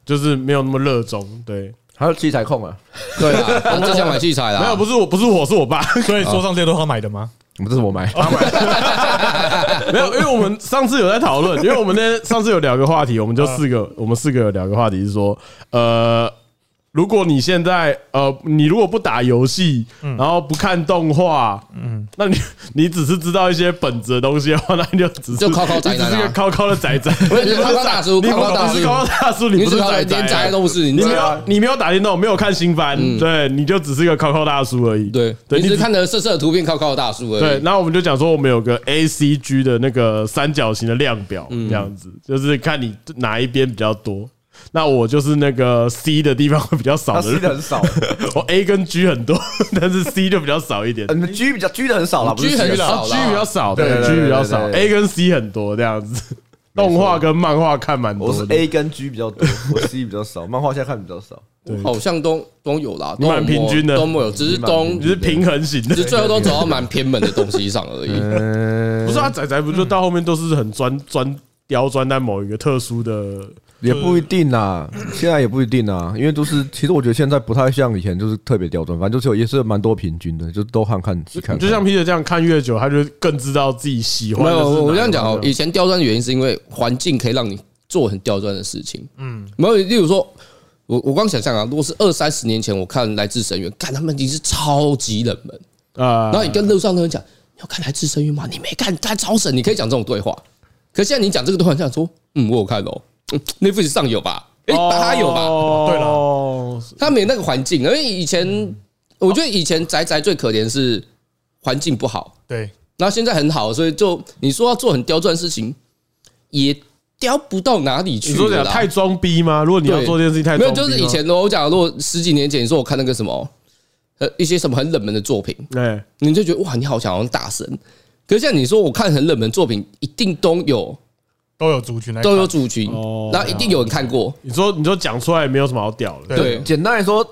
就是沒有那麼熱衷，對。還是器材控 啊？對，我就想買器材啦。沒有，不是我，不是我，是我爸。所以說，這些都是他買的嗎？啊？不是我買，啊，他買。 沒有，因為我們上次有在討論，因為我們上次有聊個話題，我們就四個，我們四個有聊個話題是說，呃。如果你現在呃，你如果不打遊戲，嗯、然後不看動畫，嗯，那你你只是知道一些本子的東西的話，那你就只是就靠靠宅宅，只是一個靠靠的宅宅。啊、不是大叔，你不是靠靠大叔，你不是宅宅，宅宅都不是。你，是你沒有你、啊、你沒有打電動，沒有看新番，嗯、對，你就只是一個靠靠大叔而已。對，對，你只是看的色色的圖片，靠靠大叔而已。對，然後我們就講說，我們有個 A C G 的那個三角形的量表、嗯，這樣子就是看你哪一邊比較多。那我就是那個 C 的地方會比較少的，C 的很少，我 A 跟 G 很多，但是 C 就比較少一點。G 比較 G 的很少了，不是很少了，G 比較少，對 G 比較少，A 跟 C 很多這樣子。動畫跟漫畫看蠻多，我是 A 跟 G 比較多，C 比較少，漫畫現在看比較少。好像都都有啦，蠻平均的，都沒有，只是都只是平衡型的，就最後都走到蠻偏門的東西上而已。不是啊，仔仔不就到後面都是很專專刁鑽在某一個特殊的。也不一定啊，現在也不一定啊。因為就是其實我覺得現在不太像以前，就是特別刁鑽，反正就是有也是蠻多平均的，就都看看、看。啊、就像 Peter 這樣看越久，他就更知道自己喜歡。沒有，我這樣講哦，以前刁鑽的原因是因為環境可以讓你做很刁鑽的事情。嗯，沒有，例如說，我我光想象啊，如果是二三十年前，我看《來自深淵》，看他們已經是超級冷門啊。然後你跟路上的人講：“你要看《來自深淵》嗎？”你沒看，但超神，你可以講這種對話。可現在你講這個對話，想,想說：“嗯，我有看哦。”那父子上有吧？哎，他有吧，oh？對了，哦，他沒那個環境。因為以前，我覺得以前宅宅最可憐是環境不好。對，那現在很好，所以就你說要做很刁鑽事情，也刁不到哪裡去。你說這太裝逼嗎？如果你要做這件事情，太裝逼，沒有。就是以前我講，如果十幾年前你說我看那個什麼，呃，一些什麼很冷門的作品，對，你就覺得哇，你好像，好像大神。可是像你說，我看很冷門的作品，一定都有。都有族群，都有族群、哦，那一定有人看過。你說，你說講出來沒有什麼好屌的。對，對，簡單來說，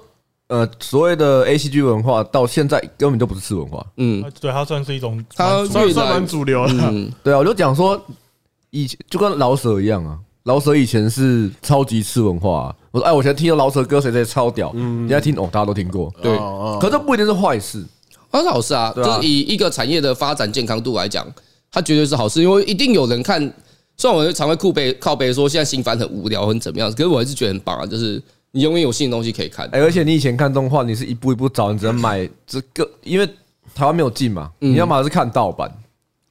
呃，所謂的 A C G 文化到現在根本就不是次文化。嗯，對，它算是一種，它算算蠻主流的嗯。流的嗯對啊，我就講說，以前就跟饒舌一樣啊，饒舌以前是超級次文化、啊。我說，哎、欸，我現在聽到饒舌歌，誰誰超屌，人、嗯、家聽哦，大家都聽過。對，哦哦哦哦可這不一定是壞事哦哦哦是、啊，它是好事啊。就是、以一個產業的發展健康度來講，它絕對是好事，因為一定有人看。雖然我會常會酷背靠背，說現在心煩很無聊很怎麼樣，可是我還是覺得很棒啊！就是你永遠有新的東西可以看欸。而且你以前看動畫，你是一步一步找，你只能買這個，因為台灣沒有進嘛，你要嘛是看盜版，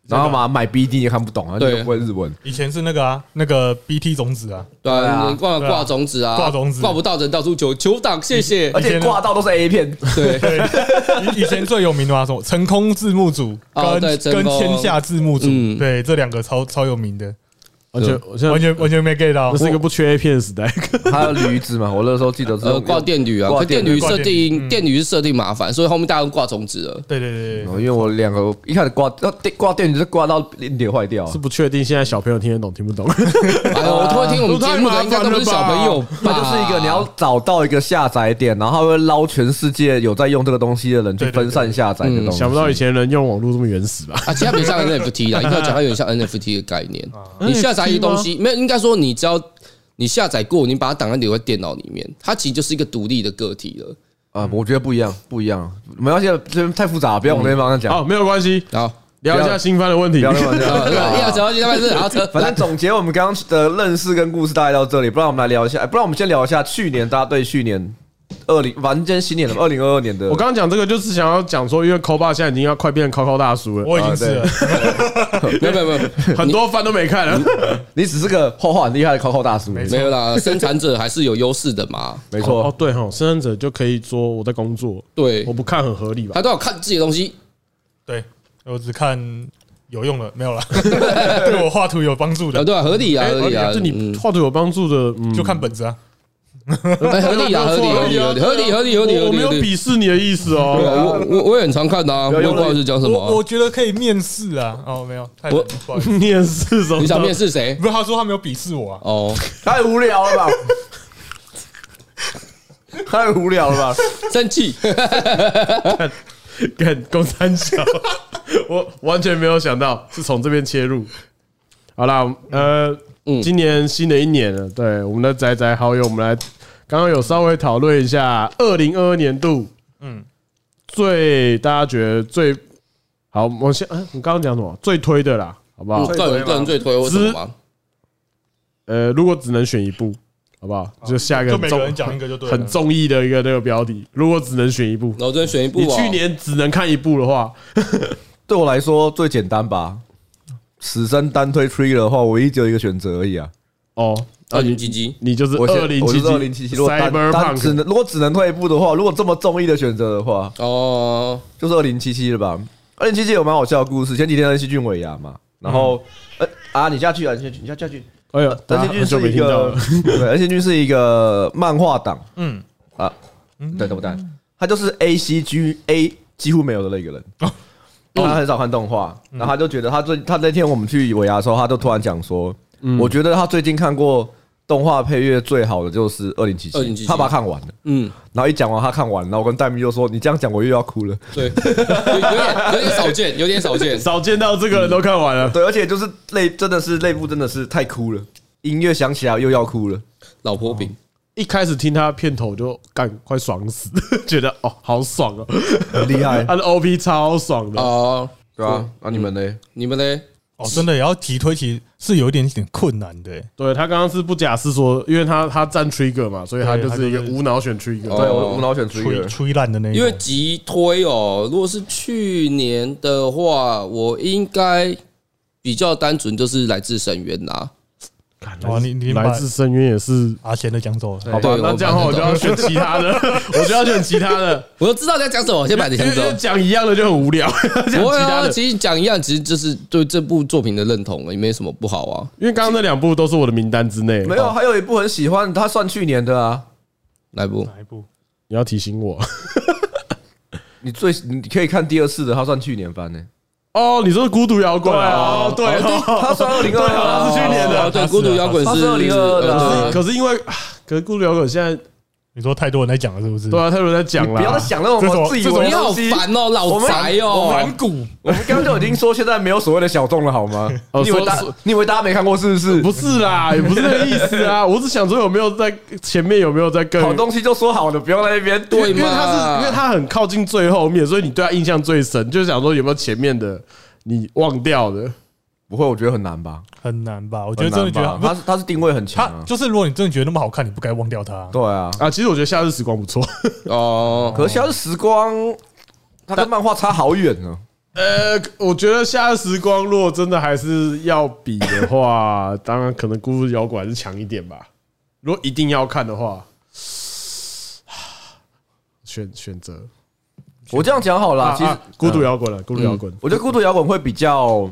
然後嘛買 BD 也看不懂啊，你、嗯、又不會日文。嗯、以前是那個啊，那個 BT 種子啊，對啊，對啊，對，掛掛種子啊，掛、啊、種子掛不到人到處求求檔，謝謝。而且掛到都是 A 片，對，對。以 以前最有名的是、啊、什麼？成空字幕組跟、哦、跟天下字幕組，嗯、對，這兩個超超有名的。完全完全完全沒 get 到，這是一個不缺 A 片的時代。還有驢子嘛，我那時候記得是掛電驢啊電，掛電驢設定，電驢是設定麻煩，所以後面大家都掛種子了。對對對，對，對，對、哦，因為我兩個一開始掛那掛電驢是掛到連點壞掉，是不確定。現在小朋友聽得懂聽不懂？啊啊、我突然聽我們節目的應該都不是小朋友，他、啊、就是一個你要找到一個下載點，然後他會撈全世界有在用這個東西的人去分散下載的東西，對對對對、嗯。想不到以前人用網絡這麼原始吧？啊，其實有點像 NFT 啊，應該講有點像 NFT 的概念，你下載。東西沒有，應該說你只要你下載過，你把它檔案留在電腦裡面，它其實就是一個獨立的個體了、嗯、啊！我覺得不一樣，不一樣，沒關係，這邊太複雜，不要我們這邊講。好，沒有關係，好，聊一下新番的問題。聊反正總結我們剛剛的認識跟故事，大概到這裡。不然我們來聊一下，不然我們先聊一下去年，大家對去年。二零，完全新年的二零二二年的，我剛剛講這個就是想要講說，因為扣爸現在已經要快變成扣扣大叔了，我已經是、啊，沒有沒有，有， 很多番都沒看了你 你，你只是個畫畫很厲害的扣扣大叔沒錯，沒有啦，生產者還是有優勢的嘛， 沒錯，哦,哦對哈，生產者就可以說我在工作，對，我不看很合理吧，他都要看自己的東西，對我只看有用的，沒有了， 對我畫圖有幫助的，啊、對、啊、合理啊，合理啊，就、欸啊、你畫圖有幫助的、嗯、就看本子啊。 欸、合理啊，合理，合理，合理，合理，合理合，理合理我沒有鄙視你的意思哦、喔。啊、我我我也很常看啊。我又不知道是講什麼。我覺得可以面試啊。哦，沒有，太，我面試什麼？你想面試誰？不是他說他沒有鄙視我哦、啊。太無聊了吧？太無聊了吧？生氣。看，看，公三小，我完全沒有想到是從這邊切入。好了，呃，今年新的一年，對我們的宅宅好友，我們來。剛剛有稍微討論一下二零二二年度，嗯，最大家覺得最好，往下，嗯、啊，你剛剛講什麼？最推的啦，好不好？個人個人最推，我只，呃，如果只能選一部，好不好？好，就下一個，就每個人講一個就對了，很中意的一個那個標題，如果只能選一部，哦、選一，你去年只能看一部的話，哦我哦、 對我來說最簡單吧？死生單推 free 的話，唯一只有一個選擇而已啊。哦，二零七七，你就是2077，我。二零七七，如果只能如果只能退一步的話，如果這麼中意的選擇的話，哦、oh，就是二零七七了吧？二零七七有蠻好笑的故事。前幾天安西俊尾牙嘛，然後呃啊，你下去啊，你下去，你下去，你下去。哎呀，但是俊是一個，安西 俊是一個漫畫黨，嗯啊，嗯對，對，不懂？他就是 A C G A 幾乎沒有的那個人，嗯、他很少看動畫，然後他就覺得他最他那天我們去尾牙的時候，他就突然講說。嗯、我覺得他最近看過動畫配樂最好的就是《二零七七》，他把他看完了。嗯，然後一講完他看完，然後我跟戴咪就說：“你這樣講我又要哭了。”對，有點有點少見，有點少見，少見到這個人都看完了、嗯。對，而且就是淚，真的是淚目真的是太哭了。音樂響起來又要哭了。老婆餅、哦、一開始聽他片頭就趕快爽死，覺得哦好爽哦厲啊，很厲害，他的 OP 超爽的啊、哦。對啊，啊，那你們呢、嗯？你們呢？哦，真的也要急推，其實是有一點點困難的、欸，對。對他剛剛是不假，是說，因為他他站 trigger 嘛，所以他就是一個無腦選 trigger，對，就是、對無腦選、哦、選 trigger，因為急推哦，如果是去年的話，我應該比較單純，就是來自深淵啦。哇，你你來自深淵也，也是阿賢的講座，好吧對？那這樣的話我就要選其他的， 我就要選其他的。 我就知道你在講什麼，先把你先講一樣的就很無聊，啊， 講其他的。其實講一樣，其實就是對這部作品的認同，也沒什麼不好啊。因為剛剛那兩部都是我的名單之內，沒有還有一部很喜歡，它算去年的啊。哪一部？你要提醒我。你最你可以看第二次的，它算去年番呢。哦，你說孤獨搖滾哦，對，他說二零，對，他是去年的，對、啊，孤獨搖滾是二零二二的，可是可是因為，啊、可是孤獨搖滾現在。你說太多人在講了，是不是？對啊，太多人在講了。不要想那種自己這種，這種好煩哦，老宅哦，頑固。我們剛剛 就已經說，現在沒有所謂的小眾了，好嗎？ 哦，你以為你以為大家沒看過，是不是？不是啦，也不是這個意思啊。我只想說，有沒有在前面，有沒有在跟 好東西，就說好了，不要在那邊對嘛？因為它是，因為它很靠近最後面，所以你對他印象最深。就是想說有沒有前面的你忘掉的。不會，我覺得很難吧？很難吧？我覺得真的覺得是，他是他是定位很強，啊。他就是，如果你真的覺得那麼好看，你不該忘掉他，啊。對啊，啊，其實我覺得《夏日時光》不錯哦，哦。可《夏日時光》它跟漫畫差好遠呢。呃，我覺得《夏日時光》如果真的還是要比的話，當然可能《孤獨搖滾》還是強一點吧。如果一定要看的話選，選擇選擇，我這樣講好啦，啊、了。其實《孤獨搖滾》了，《孤獨搖滾》，我覺得《孤獨搖滾》會比較。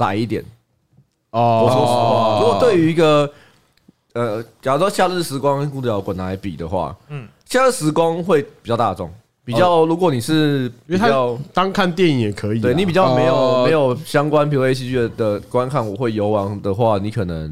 窄一點哦，我說實話，如果對於一個呃，假如說《夏日時光》跟《孤獨搖滾》來比的話，嗯，《夏日時光》會比較大眾，比較如果你是因為它單看電影也可以，對你比較沒有沒有相關 PV 戲劇的觀看，我會遊玩的話，你可能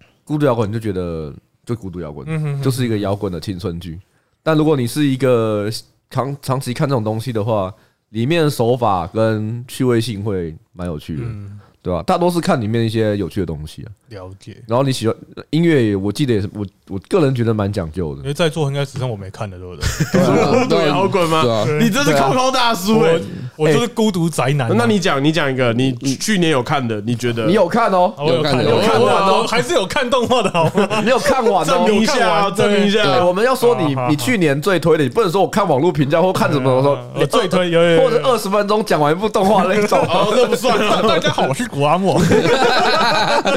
《孤獨搖滾》就覺得就《孤獨搖滾》就是一個搖滾的青春劇，但如果你是一個長長期看這種東西的話。裡面的手法跟趣味性會蠻有趣的、嗯。對吧、啊？大多是看裡面一些有趣的東西、啊、了解。然後你喜歡音樂，我記得也是我，我個人覺得蠻講究的。因為在座應該只剩我沒看的，對不對？ 對搖滾嗎？你真是空空大叔哎、啊欸！我就是孤獨宅男、啊。那你講，你講一個，你去年有看的？你覺得、欸、你，你，你有看，你、欸你你你有看你嗯、哦，我有看的，有看的，有看哦，看的還是有看動畫的好 你有看網。 證明一下， 證明一下對。我們要說你，啊、你去年最推的，你不能說我看網絡評價或看什麼說、啊啊欸，我最推，或者二十分鐘講完一部動畫那種，這不算。大家好去。我阿莫，他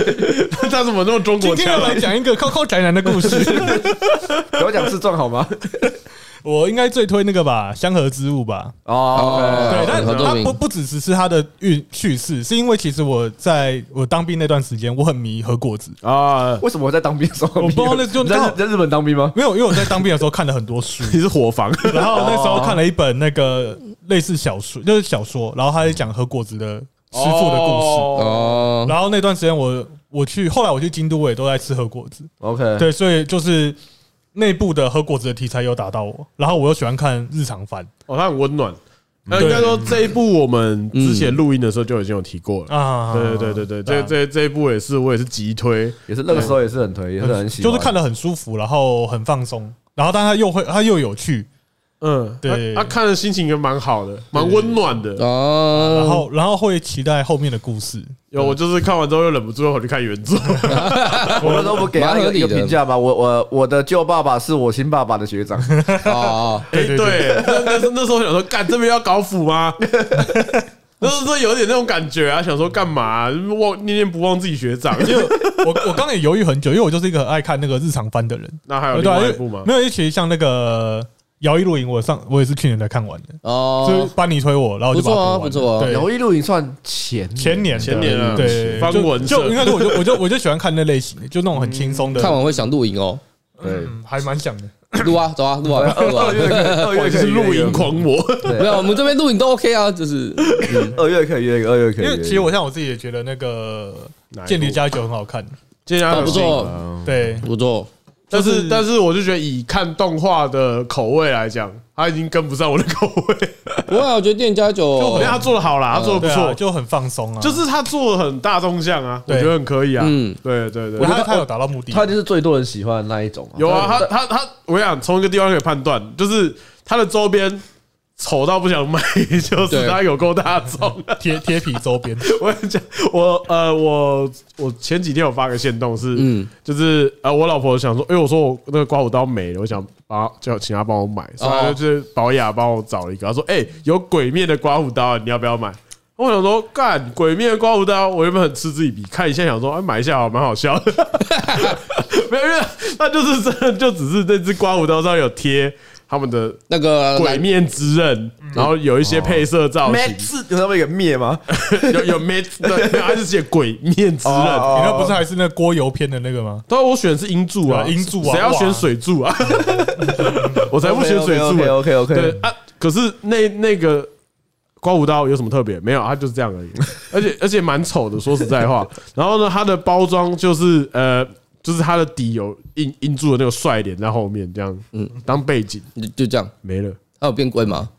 怎麼那麼中國腔？今天要來講一個靠靠宅男的故事， 給我講自傳好嗎？我應該最推那個吧，《香河之物》吧。哦、oh, okay.，對，但是他不不只是他的敘事，是因為其實我在我當兵那段時間，我很迷和果子啊。Oh, 為什麼我在當兵的時候我？我不知道那，那就在在日本當兵嗎？沒有，因為我在當兵的時候看了很多書，其實伙房，然後我那時候看了一本那個類似小說，就是小說，然後他在講和果子的。師傅的故事，oh,，uh, 然後那段時間我我去，後來我去京都我也都在吃和果子。OK，對，所以就是內部的和果子的題材有打到我，然後我又喜歡看日常番，哦，它很溫暖。那應該說，這一部我們之前錄音的時候就已經有提過了啊，嗯，對對對對對，嗯、對對對對對，這這這一部也是我也是急推，也是那個時候也是很推，也是很喜、嗯，就是看得很舒服，然後很放鬆，然後但它又會它又有趣。嗯，對，他、啊啊、看了心情也蠻好的，蠻溫暖的，哦啊、然後，然後會期待後面的故事。有我就是看完之後又忍不住又回去看原著。 我們都不給他一個評價吧？我我我的舊爸爸是我新爸爸的學長。啊、 哦哦，哎對，對，對，對，對，對對對。 那是那時候想說，幹這邊要搞腐嗎？ 那時候就有點那種感覺啊，想說幹嘛忘、啊、念念不忘自己學長。就我我剛也猶豫很久，因為我就是一個很愛看那個日常番的人。那還有另外一部嗎？沒有，其實像那個。《搖曳露營》我上我也是去年才看完的哦，就是班尼推我，然後就把我、哦、不錯，啊不錯啊對，姚啊啊、對，搖曳露營》算前前年前年了，對，就應說我就應該是我就我就我就喜歡看那類型的，就那種很輕鬆的、嗯，看完會想露營哦，嗯，還蠻想的，露啊走啊露啊，二月二月是露營狂魔，不要我們這邊露營都 OK 啊，就是二月可以，二月二月可以，因為其實我像我自己也覺得那個《間諜家酒》很好看，《間諜家酒》不錯，對，不錯。但是但是，就是、但是我就覺得以看動畫的口味來講，他已經跟不上我的口味不、啊。不 會我覺得店家酒就就、呃，他做的好啦，他做的不錯、啊，就很放鬆啊。就是他做得很大眾向啊，我覺得很可以啊。嗯，對對對，我覺得他，他有達到目的，他就是最多人喜歡的那一種、啊。有啊，他他他，他，我想從一個地方可以判斷，就是他的周邊。醜到不想買，就是它有夠大眾。貼貼皮周邊、 呃，我跟你講我呃我我前幾天有發個限動是、嗯，就是呃我老婆想說，哎、欸，我說我那個刮鬍刀沒了，我想把叫請他幫我買，所以就是寶雅幫我找了一個，他說哎、欸、有鬼面的刮鬍刀，你要不要買？我想說幹鬼面的刮鬍刀，我原本很嗤之以鼻，看你現在想說哎、啊、買一下好蠻好笑，沒有沒有，那就是真就只是這只刮鬍刀上有貼。他們的那個鬼面之刃，然後有一些配色造型，有那麼一個滅嗎？有有滅，還是寫鬼面之刃。哦？哦哦哦、你那不是還是那鍋油片的那個嗎？對，我選的是銀柱啊，銀、啊、柱啊，誰要選水柱啊？ 我才不選水柱 o OK OK OK, okay。啊，可是那那個刮鬍刀有什麼特別？沒有，它就是這樣而已而。而且而且蠻醜的，說實在話。然後呢，它的包裝就是呃。就是它的底有印印住的那個帥臉在後面，這樣，嗯，當背景、嗯，就這樣沒了。他有變貴嗎？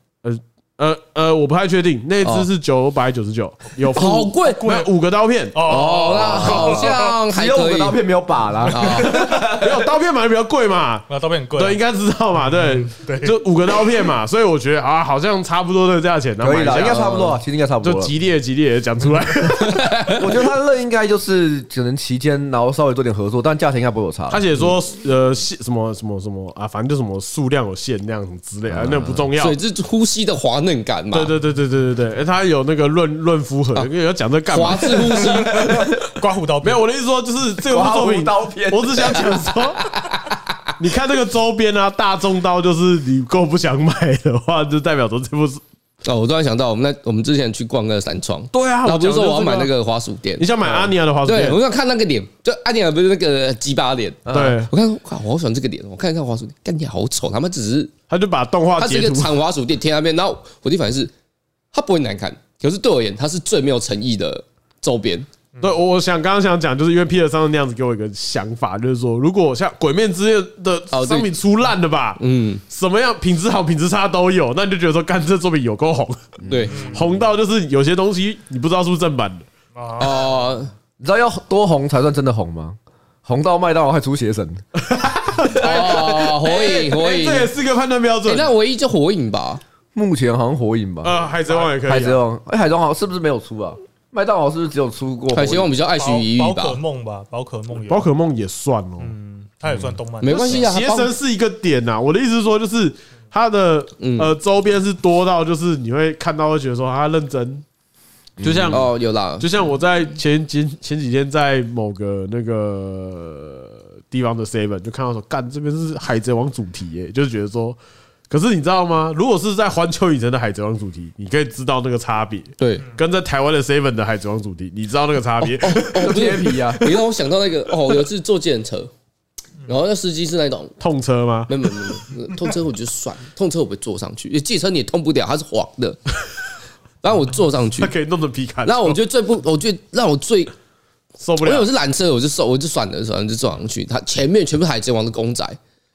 呃呃，我不太確定，那只是九百九十九，哦、有好貴貴五個刀片哦，哦，哦，哦，那好像還有五個刀片沒有把啦。哦哦、 沒有刀片買比較貴嘛、哦，刀片貴，對，應該知道嘛，對對，對，就五個刀片嘛，所以我覺得啊，好像差不多的價錢，應該差不多，其實應該差不多，就吉列吉列講出來，嗯、 我覺得他樂應該就是可能期間，然後稍微做點合作，但價錢應該不會有差。他寫說呃，限、嗯、什麼什麼什麼啊，反正就什麼數量有限量什麼之類，啊、那不重要，所以是呼吸的環。性感嘛，對對對對對對對，他有那個潤潤膚合，因為要講這幹嘛？華氏呼吸刮鬍刀，沒有我的意思說就是這部作品刀片，我只想講說，你看這個周邊啊，大眾刀就是你夠不想買的話，就代表說這部。哦，我突然想到，我們那我們之前去逛那個三創，對啊，然後就說我要買那個滑鼠墊，你想買阿尼亞的滑鼠墊？對，我想看那個臉，就阿尼亞不是那個雞巴臉？對，我看，哇，我好喜歡這個臉，我看一看滑鼠墊，看起來好醜，他們只是他就把動畫，他是一個長滑鼠墊貼 那邊，然後我的反應是他不會難看，可是對我而言，他是最沒有誠意的周邊。嗯、對，我想剛剛想講，就是因為 P 二三那樣子給我一個想法，就是說，如果像《鬼滅之刃》的商品出爛了吧，oh, 嗯，什麼樣品質好、品質差都有，那你就覺得說，幹這作品有夠紅，對，嗯、紅到就是有些東西你不知道是不是正版的啊？嗯嗯嗯嗯，你知道，是是、uh, 嗯、知道要多紅才算真的紅嗎？紅到麥當勞還出邪神， uh, 火影，火影、欸欸、這也是個判斷標準、欸。那唯一就火影吧，目前好像火影吧，啊、uh,，海賊王也可以、啊，海賊王，哎、欸，海賊王是不是沒有出啊？麥當勞是不是只有出過？海賊王比較愛徐一玉寶可夢吧，寶可夢寶可夢也算哦，嗯，它也算動漫，沒關係啊。邪神是一個點吶，我的意思是說，就是它的呃周邊是多到，就是你會看到會覺得說它認真，就像哦，有啦，就像我在前幾前前幾天在某個那個地方的 seven 就看到說，幹這邊是海賊王主題耶、欸，就是覺得說。可是你知道嗎？如果是在環球影城的海賊王主題，你可以知道那個差別。對，跟在台灣的 Seven 的海賊王主題，你知道那個差別。我貼皮啊！你、哦、讓、哦哦、 我想到那個哦，有一次坐計程車，然後那司機是那種痛車嗎？沒有沒有痛車，我就算痛車，我不會坐上去。因為計程車你也痛不掉，它是黃的。然後我坐上去，它可以弄成皮卡丘。然後我覺得最不，我覺得讓我最受不了。因為我是纜車，我就受，我就算了，算了就坐上去。它前面全部是海賊王的公仔，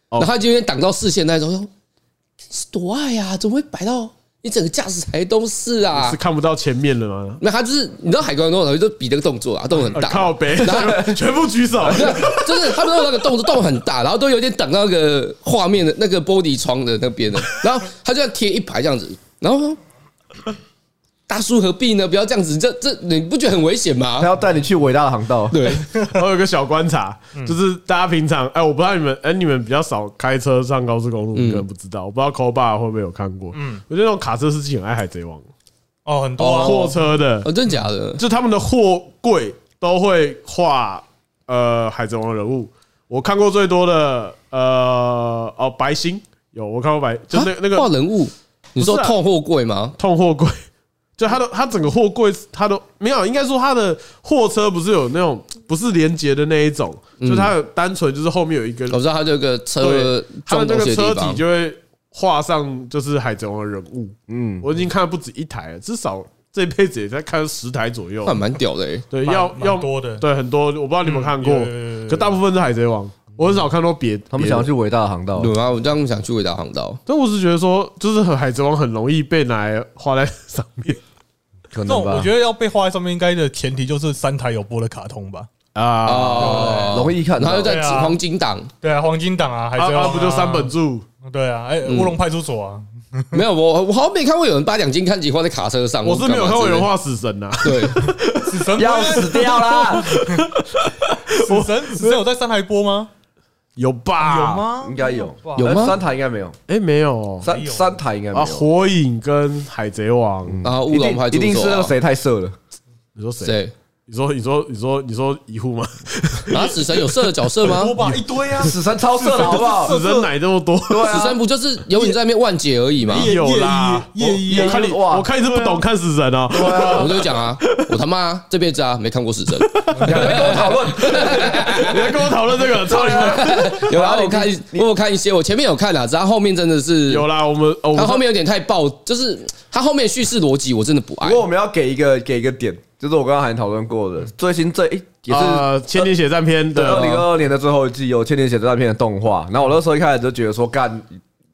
然後它就先擋到視線那說是多愛啊！怎麼會擺到一整個駕駛台都是啊？是看不到前面了嗎？那他就是你知道海關多少人比那個動作啊，動作很大，靠北，全部舉手，就是他們那個動作動很大，然後都有點擋到那個畫面的那個玻璃窗的那邊的，然後他就要貼一排這樣子，然後。大叔何必呢？不要這樣子這，這這你不覺得很危險嗎？他要帶你去偉大的航道。 對，我有個小觀察，就是大家平常哎、欸，我不知道你們哎、欸，你們比較少開車上高速公路，可能不知道。我不知道 CloBA 會不會有看過。嗯，我覺得那種卡車司機很愛海賊王哦，哦，很多貨、啊哦、車的，哦，真的假的？就他們的貨櫃都會畫呃海賊王的人物。我看過最多的呃哦白星有，我看過白，就是那個畫人物。你說痛貨櫃嗎？痛貨櫃。就他的他整個貨櫃，他都沒有，應該說他的貨車不是有那種不是連接的那一種，就它單純就是後面有一個，我知道它這個車，它的那個車體就會畫上就是海賊王的人物。嗯，我已經看了不止一台了，至少這輩子也在看十台左右，那蠻屌的誒。對，要要多的，對很多，我不知道你們有沒有看過，可大部分是海賊王。我很少看到別他們想要去偉大的航道。有啊，我當然想去偉大航道。但我是覺得說，就是和《海賊王》很容易被拿來畫在上面，可能我覺得要被畫在上面，應該的前提就是三台有播的卡通吧？啊，啊，啊啊、容易看，然後又在指黃金檔。對啊，啊啊、黃金檔啊，《海賊王》不就三本柱？對啊，哎，《烏龍派出所》啊、嗯，沒有我，我好像沒看過有人把兩津勘吉畫在卡車上。我是沒有看過有人畫死神吶、啊。對 ，死神要死掉啦！ 死神，死神有在三台播嗎？有吧、嗯？有嗎？應該有，有嗎？三台應該沒有。誒、欸，沒有，三三台應該沒有、啊。火影跟海賊王、嗯、然後啊，烏龍派出所，一定是那個誰太色了。啊、你說誰、啊？你說你說你說你說一護嗎、啊？死神有色的角色嗎？ 我把一堆啊！死神超色的好不好？死神奶這麼多、啊， 死神不就是有你在那邊卍解而已嗎？有啦，我啦看你哇，我看你是不懂看死神啊，啊，啊，啊，啊 我跟你講啊，我他媽這輩子啊沒看過死神。 你在跟我討論， 你在跟我討論這個超有、 啊。有啦，你我看你你，我看一些，我前面有看的，但後面真的是有啦。我們，他後面有點太暴，就是他後面敘事邏輯我真的不愛。不過我們要給一個給一個點。這、就是我剛剛還討論過的，最新最，一、欸、也是《千年血戰篇》對，二零二二年的最後一季有《千年血戰篇》的動畫。然後我那時候一開始就覺得說，幹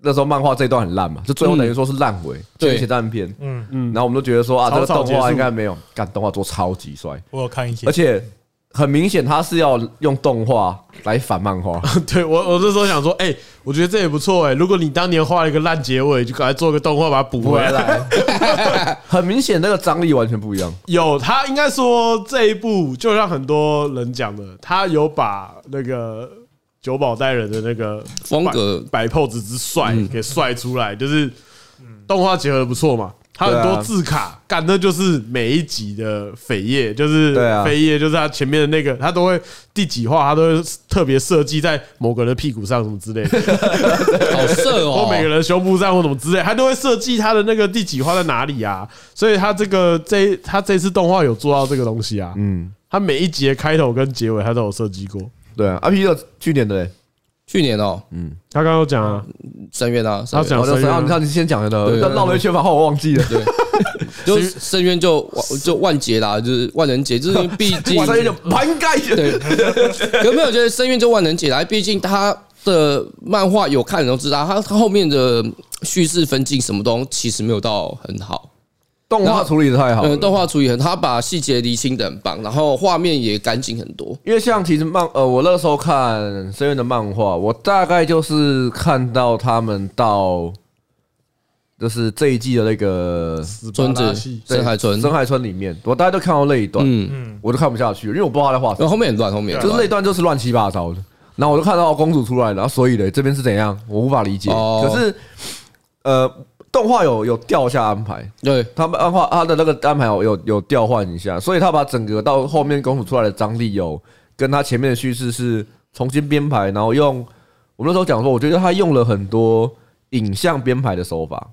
那時候漫畫這一段很爛嘛，就最後等於說是爛尾，《千年血戰篇》嗯嗯。然後我們都覺得說啊，這個動畫應該沒有，幹動畫做超級帥，我有看一些，而且。很明顯，他是要用動畫來反漫畫。對，我，我這時候想說，哎、欸，我覺得這也不錯哎、欸。如果你當年畫了一個爛結尾，就趕快做個動畫把它補回來。 很明顯，那個張力完全不一樣。有他應該說這一部，就像很多人講的，他有把那個久保帶人的那個白風格擺 pose 之帥、嗯、給帥出來，就是動畫結合得不錯嘛。他很多字卡，幹的就是每一集的扉頁，就是扉頁，就是他前面的那個，他都會第幾話，他都會特別設計在某個人的屁股上什麼之類的，好色哦，或每個人胸部上或什麼之類，他都會設計他的那個第幾話在哪裡啊？所以他這個這他這次動畫有做到這個東西啊？嗯，他每一集的開頭跟結尾他都有設計過，對啊，IP 的、啊、去年的咧。去年哦，喔，嗯，他剛剛講啊，深淵吶、啊啊，他講的、啊，然後你看，你先講的，繞了一圈，把話我忘記了，對，對嗯、就深淵就就萬劫啦，就是萬人劫，就是畢竟，深淵盤蓋，對，有沒有覺得深淵就萬人劫來？畢竟他的漫畫有看人都知道，他他後面的敘事分鏡什麼東西其實沒有到很好。動畫處理的太好了，動畫處理很，他把細節釐清的很棒，然後畫面也乾淨很多。因為像其實漫，呃，我那個時候看《深淵》的漫畫，我大概就是看到他們到，就是這一季的那個村子，深海村，深海村裡面，我大概都看到那一段，嗯嗯，我都看不下去，因為我不知道他在畫什麼。後面很亂，後面就是那一段就是亂七八糟的。然後我就看到公主出來了、啊，所以咧這邊是怎樣？我無法理解。可是，呃。動畫有有調下安排，對他們動畫他的那個安排有有調換一下，所以他把整個到後面公主出來的張力有跟他前面的敘事是重新編排，然後用我們那時候講說，我覺得他用了很多影像編排的手法，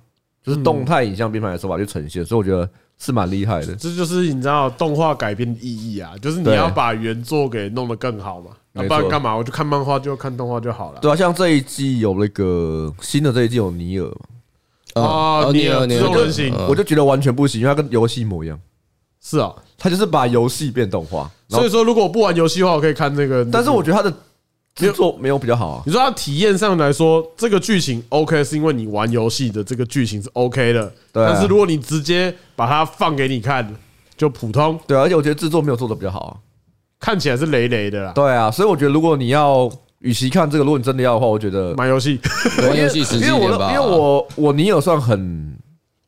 就是動態影像編排的手法去呈現，所以我覺得是蠻厲害的，嗯。這就是你知道動畫改編的意義啊，就是你要把原作給弄得更好嘛，啊，不然幹嘛？我就看漫畫就看動畫就好了。對啊，像這一季有那個新的這一季有尼爾。啊、哦！捏、哦，激動人心，我就覺得完全不行，嗯、因為它跟遊戲一模一樣。是啊、哦，它就是把遊戲變動畫。所以說，如果我不玩遊戲的話，我可以看這個。但是我覺得它的制作沒有比較好啊，你有。你說，它體驗上來說，這個劇情 OK，是因為你玩遊戲的這個劇情是 OK 的。對啊對啊。但是如果你直接把它放給你看，就普通。對、啊。而且我覺得制作沒有做的比較好啊，看起來是雷雷的啦。對啊。所以我覺得，如果你要。與其看這個，如果你真的要的話，我覺得玩遊戲，玩遊戲因為我，因為我，我尼爾算很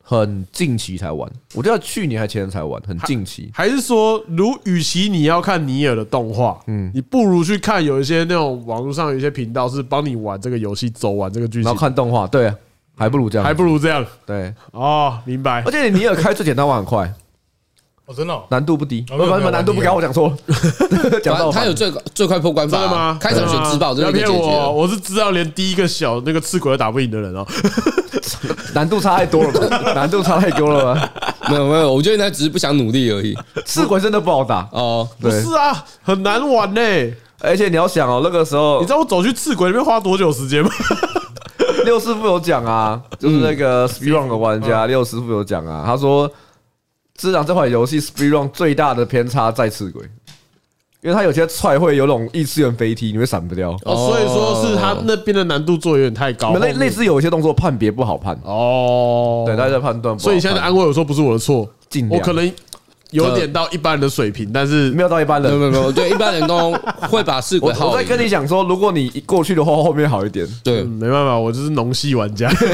很近期才玩，我就要去年還前年才玩，很近期。還是說，如與其你要看尼爾的動畫，嗯，你不如去看有一些那種網絡上有一些頻道是幫你玩這個遊戲，走完這個劇情，然後看動畫，對啊，還不如這樣，還不如這樣，對，哦，明白。而且你尼爾開最簡單，玩很快。喔、真的、喔、難度不低，不不不，難度不高。我講錯了，講錯。他有最最快破關法嗎？開什麼舉報？不要騙我，我是知道連第一個小那個赤鬼都打不贏的人哦、喔。難度差太多了， 難度差太多了嗎？沒有沒有，我覺得應該只是不想努力而已。赤鬼真的不好打哦，不是啊，很難玩嘞、欸。而且你要想哦、喔，那個時候你知道我走去赤鬼裡面花多久時間嗎？六師傅有講啊，就是那個 Speedrun 的玩家，六師傅有講啊，他說。隻狼這款遊戲 Speed Run 最大的偏差在赤鬼，因為它有些踹會有種異次元飛踢，你會閃不掉。哦，所以說是他那邊的難度做有點太高。類類似有一些動作判別不好判。哦，對，大家在判斷。所以現在的安慰我說不是我的錯，盡量我可能有點到一般人的水平，但是沒有到一般人。沒有沒有，一般人都會把赤鬼好。我在跟你講說，如果你過去的話，後面好一點。對、嗯，沒辦法，我就是農系玩家。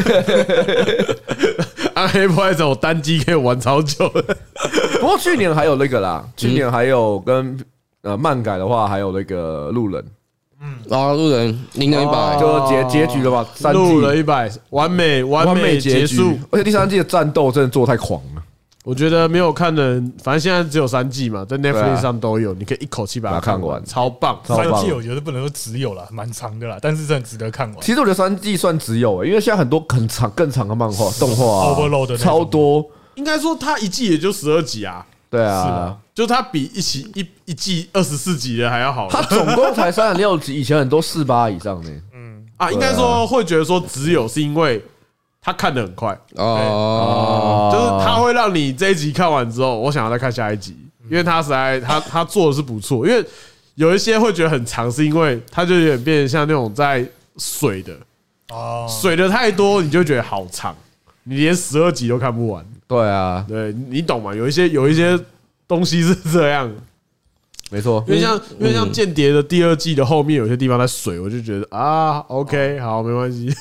暗黑破壞者我單機可以玩超久的，不過去年還有那個啦，去年還有跟呃漫改的話，還有那個路人，嗯，然後路人零一百，就結結局了吧，三季路了，一百完美完美結束，而且第三季的戰鬥真的做太狂了。我覺得沒有看的人，反正現在只有三季嘛，在 Netflix 上都有，你可以一口氣把它看完，超棒。三季我覺得不能說只有了，蠻長的啦，但是真的值得看完。其實我覺得三季算只有，欸、因為現在很多更長、更長的漫畫、動畫、啊，超多，應該說它一季也就十二集啊。對啊，是啊，就它比一期一一季二十四集的還要好。它總共才三十六集，以前很多四八以上的。嗯啊，應該說會覺得說只有是因為。他看的很快哦，就是他會讓你這一集看完之後，我想要再看下一集，因為他實在他他做的是不錯，因為有一些會覺得很長，是因為他就有點變得像那種在水的哦，水的太多你就會覺得好長，你連十二集都看不完。對啊，對你懂嗎？有一些有一些東西是這樣，沒錯，因為像因為像間諜的第二季的後面有些地方在水，我就覺得啊，OK，好，沒關係。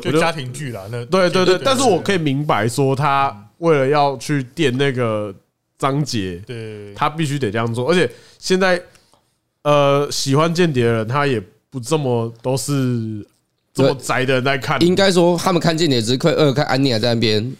就家庭劇了，那對對對，對對對，但是我可以明白說，他為了要去墊那個章節，對，對，他必須得這樣做。而且現在，呃，喜歡間諜的人，他也不這麼都是這麼宅的人在看，應該說他們看間諜只看呃，看安妮還在那邊。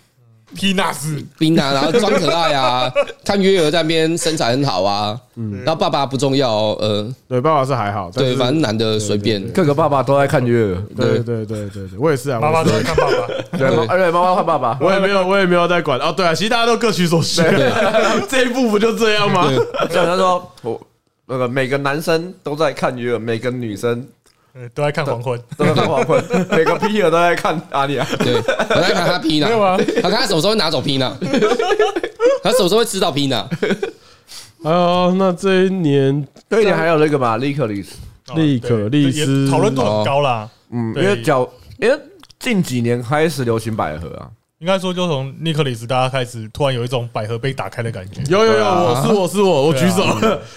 皮納斯冰啊，然後裝可愛啊， 看約爾在那邊身材很好啊，嗯，然後爸爸不重要哦，嗯、呃，對，爸爸是還好，對，反正男的隨便，各個爸爸都在看約爾，對對對對，我也是啊，媽媽都在看爸爸，對，而且媽媽看爸爸，我也沒有我也沒有在管，哦，對啊，其實大家都各取所需，對 對，這一部不就這樣嗎？所以他說，我那個每個男生都在看約爾，每個女生，都在看黃昏，都在看黃昏。 每個 P r 都在看阿莉亞，對，我在看他 P 呢。有啊，他看他什麼時候拿走 P 呢？他什麼時候吃到 P 呢？還 有、哦、那這一年，這一年還有那個吧，莉可莉絲、哦，莉可莉絲討論度很高啦。哦、嗯，因為腳，因為近幾年開始流行百合啊。應該說，就從尼克里 s 大家開始，突然有一種百合被打開的感覺。啊、有有有，我是我是我，我舉手，